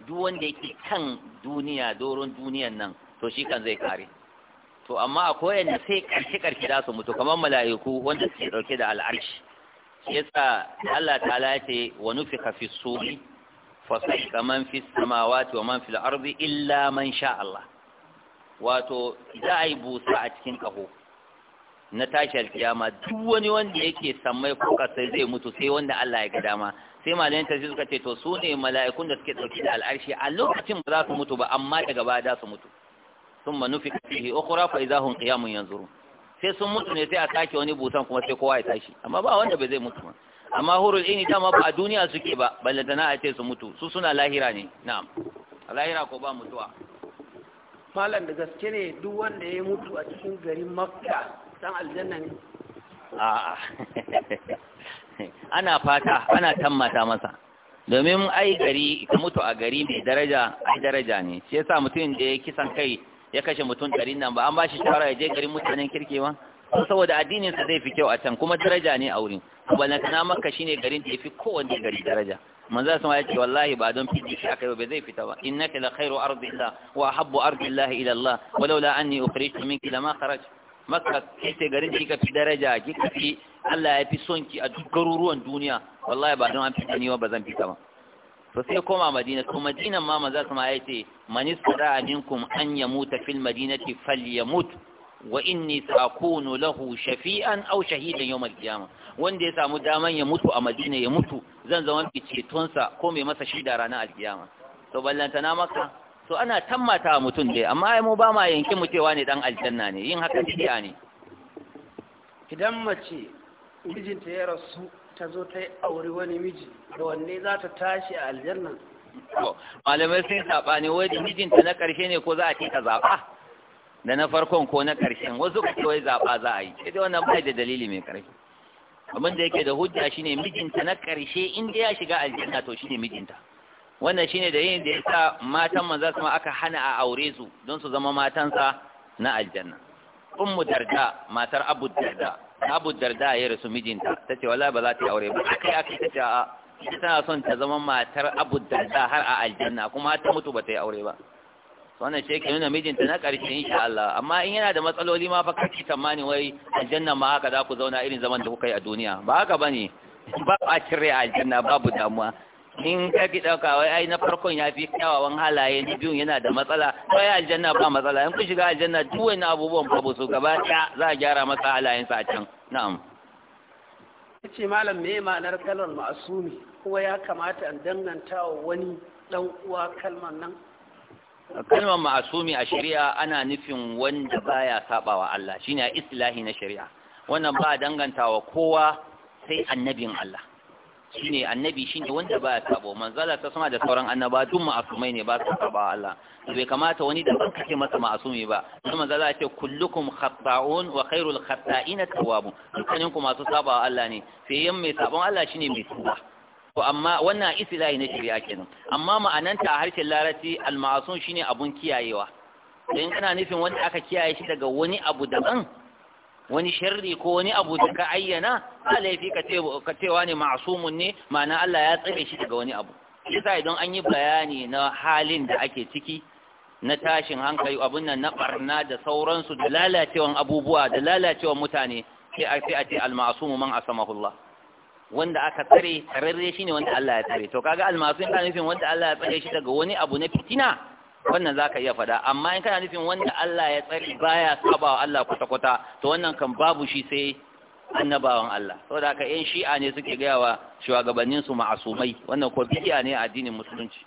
duk wanda yake kan duniya doron duniyan nan to shi kan zai kare to amma a yanda sai karshe karshe za su mutu kamar mala'iku wanda suke dauke da al'arshi yasa Allah ta'ala ya ce wa nufika fi suri fa sai kaman fi samawati wa man fil ardi illa man sha Allah wato za a yi busa a cikin kaho na tashar kiyama duk wani wanda yake samai ko kasai zai mutu sai wanda Allah ya ga dama sai malamin ta suka ce to su ne mala'ikun da suke dauke da al'arshi a lokacin ba za su mutu ba amma daga baya za su mutu thumma nufika fihi ukhra fa idahum qiyamun yanzuru sai sun mutu ne sai a sake wani busan kuma sai kowa ya tashi amma ba wanda bai zai mutu ba amma hurul ini dama ba a duniya suke ba ballantana a ce su mutu su suna lahira ne na'am lahira ko ba mutuwa malam da gaske ne duk wanda ya mutu a cikin garin makka dan aljanna ne a'a ana fata ana tammata masa domin ai gari ka mutu a gari mai daraja ai daraja ne shi yasa mutum da ya kisan kai ya kashe mutum ɗari nan ba an ba shi shawara ya je garin mutanen kirki ba saboda addinin sa zai fi kyau a can kuma daraja ne a wurin balantana maka shine garin da yafi kowanne gari daraja manzo sun ya ce wallahi ba don fiti shi aka ba zai fita ba innaka la khairu ardillah wa habbu ardillah ila Allah walau la anni ukhrijtu minki lama kharajtu maka kai garin ki ka fi daraja ka fi Allah ya fi son ki a duk garuruwan duniya wallahi ba don an fita ni ba zan fita ba to sai koma madina to madinan ma maza kuma ya ce man istara minkum an yamuta fil madinati falyamut wa inni sa'kunu lahu shafi'an aw shahidan yawm al-qiyamah wanda ya samu daman ya mutu a madina ya mutu zan zama mai ko mai masa shida ranar al-qiyamah to ballantana maka to ana tammata wa mutum dai amma ai mu ba ma yanke mu cewa ne dan aljanna ne yin haka bid'a ne idan mace mijinta ya rasu ta zo ta yi aure wani miji da wanne za ta tashi a aljanna malamai sun saɓani wai da mijinta na ƙarshe ne ko za a ce ta zaɓa da na farkon ko na karshen wasu ka wai zaɓa za a yi sai dai wannan bai da dalili mai karfi abin da yake da hujja shine mijinta na ƙarshe inda ya shiga aljanna to shine mijinta wannan shine dalilin da yasa matan manzo ma aka hana a aure su don su zama matansa na aljanna ummu darda matar abu darda abu darda ya rasu mijinta tace wala ba za ta aure ba akai akai tace a tana son ta zama matar abu darda har a aljanna kuma ta mutu ba ta yi aure ba wannan shi ke nuna mijinta na ƙarshe insha Allah amma in yana da matsaloli ma fa kake tsammani wai aljanna ma haka za ku zauna irin zaman da kuka yi a duniya ba haka bane ba a cire aljanna babu damuwa in ka ki dauka wai ai na farkon ya fi kyawawan halaye na biyun yana da matsala to ya aljanna ba matsala in ku shiga aljanna duk wani abubuwan ba su gaba ɗaya za a gyara masa halayen sa can na'am ce malam me ma'anar kalmar ma'asumi kuma ya kamata in danganta wa wani dan uwa kalmar nan kalmar ma'asumi a shari'a ana nufin wanda baya sabawa Allah shine islahi na shari'a wannan ba danganta wa kowa sai annabin Allah shine annabi shine wanda ba ya sabo manzala ta sama da sauran annaba duk ma'asumai ne ba su saba Allah bai kamata wani da ban kace masa ma'asumi ba kuma manzala ce kullukum khata'un wa khairul khata'ina tawwabun dukkanin ku masu saba Allah ne sai yan mai sabon Allah shine mai tuba to amma wannan islahi na shari'a kenan amma ma'ananta a harshen larabci al-ma'sum shine abun kiyayewa dan kana nufin wanda aka kiyaye shi daga wani abu daban wani sharri ko wani abu da ka ayyana ba laifi ka cewa ne ma'asumun ne ma'ana Allah ya tsare shi daga wani abu yasa idan an yi bayani na halin da ake ciki na tashin hankali abin nan na barna da sauransu da lalacewan abubuwa da lalacewan mutane sai a ce almasumu masumu man asamahullah wanda aka tsare tsararre ne wanda Allah ya tsare to kaga al-ma'sum yana nufin wanda Allah ya tsare shi daga wani abu na fitina wannan za ka iya faɗa amma in kana nufin wanda Allah ya tsari baya saba wa Allah kwata-kwata to wannan kan babu shi sai annabawan Allah saboda haka yan shi'a ne suke gaya wa shugabannin su ma'asumai wannan ko bid'a ne a addinin musulunci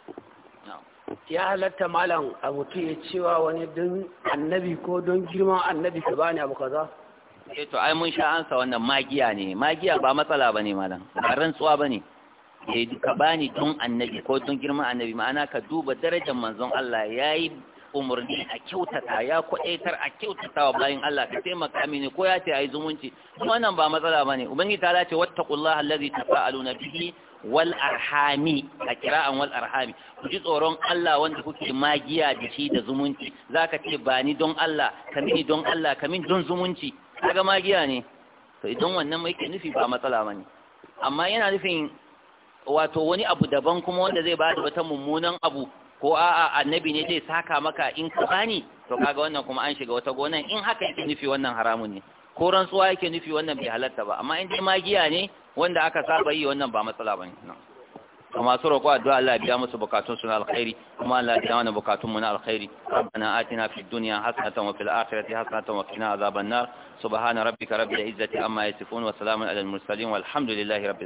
ya halatta malam abu mutum ya cewa wani don annabi ko don girman annabi ka bani abu kaza eh to ai mun sha ansa wannan magiya ne magiya ba matsala bane malam ba rantsuwa bane E, eh, ka bani don annabi ko don girman annabi ma'ana ka duba darajar manzon Allah yayi umarni a kyautata ya kwaɗaitar a kyautata wa bayan Allah ka taimaka mini ko ya ce a yi zumunci nan ba matsala ba ne ubangi ta dace sa allazi tasaaluna bihi wal arhami a an wal arhami ku ji tsoron Allah wanda kuke magiya da shi da zumunci ka ce ba ni don Allah ka mini don Allah ka mini don zumunci kaga magiya ne to idan wannan mai ke nufi ba matsala ba ne amma yana nufin wato wani abu daban kuma wanda zai bada wata mummunan abu ko a'a annabi ne zai saka maka in ka bani to kaga wannan kuma an shiga wata gonan in haka yake nufi wannan haramun ne ko rantsuwa yake nufi wannan bai halatta ba amma in dai magiya ne wanda aka saba yi wannan ba matsala ba ne. kuma su roƙo addu'a Allah biya musu bukatun su na alkhairi kuma Allah biya mana bukatun mu na alkhairi rabbana atina fid dunya hasanatan wa fil akhirati hasanatan wa qina adhaban nar subhana rabbika rabbil izzati amma yasifun wa salamun alal mursalin walhamdulillahi rabbil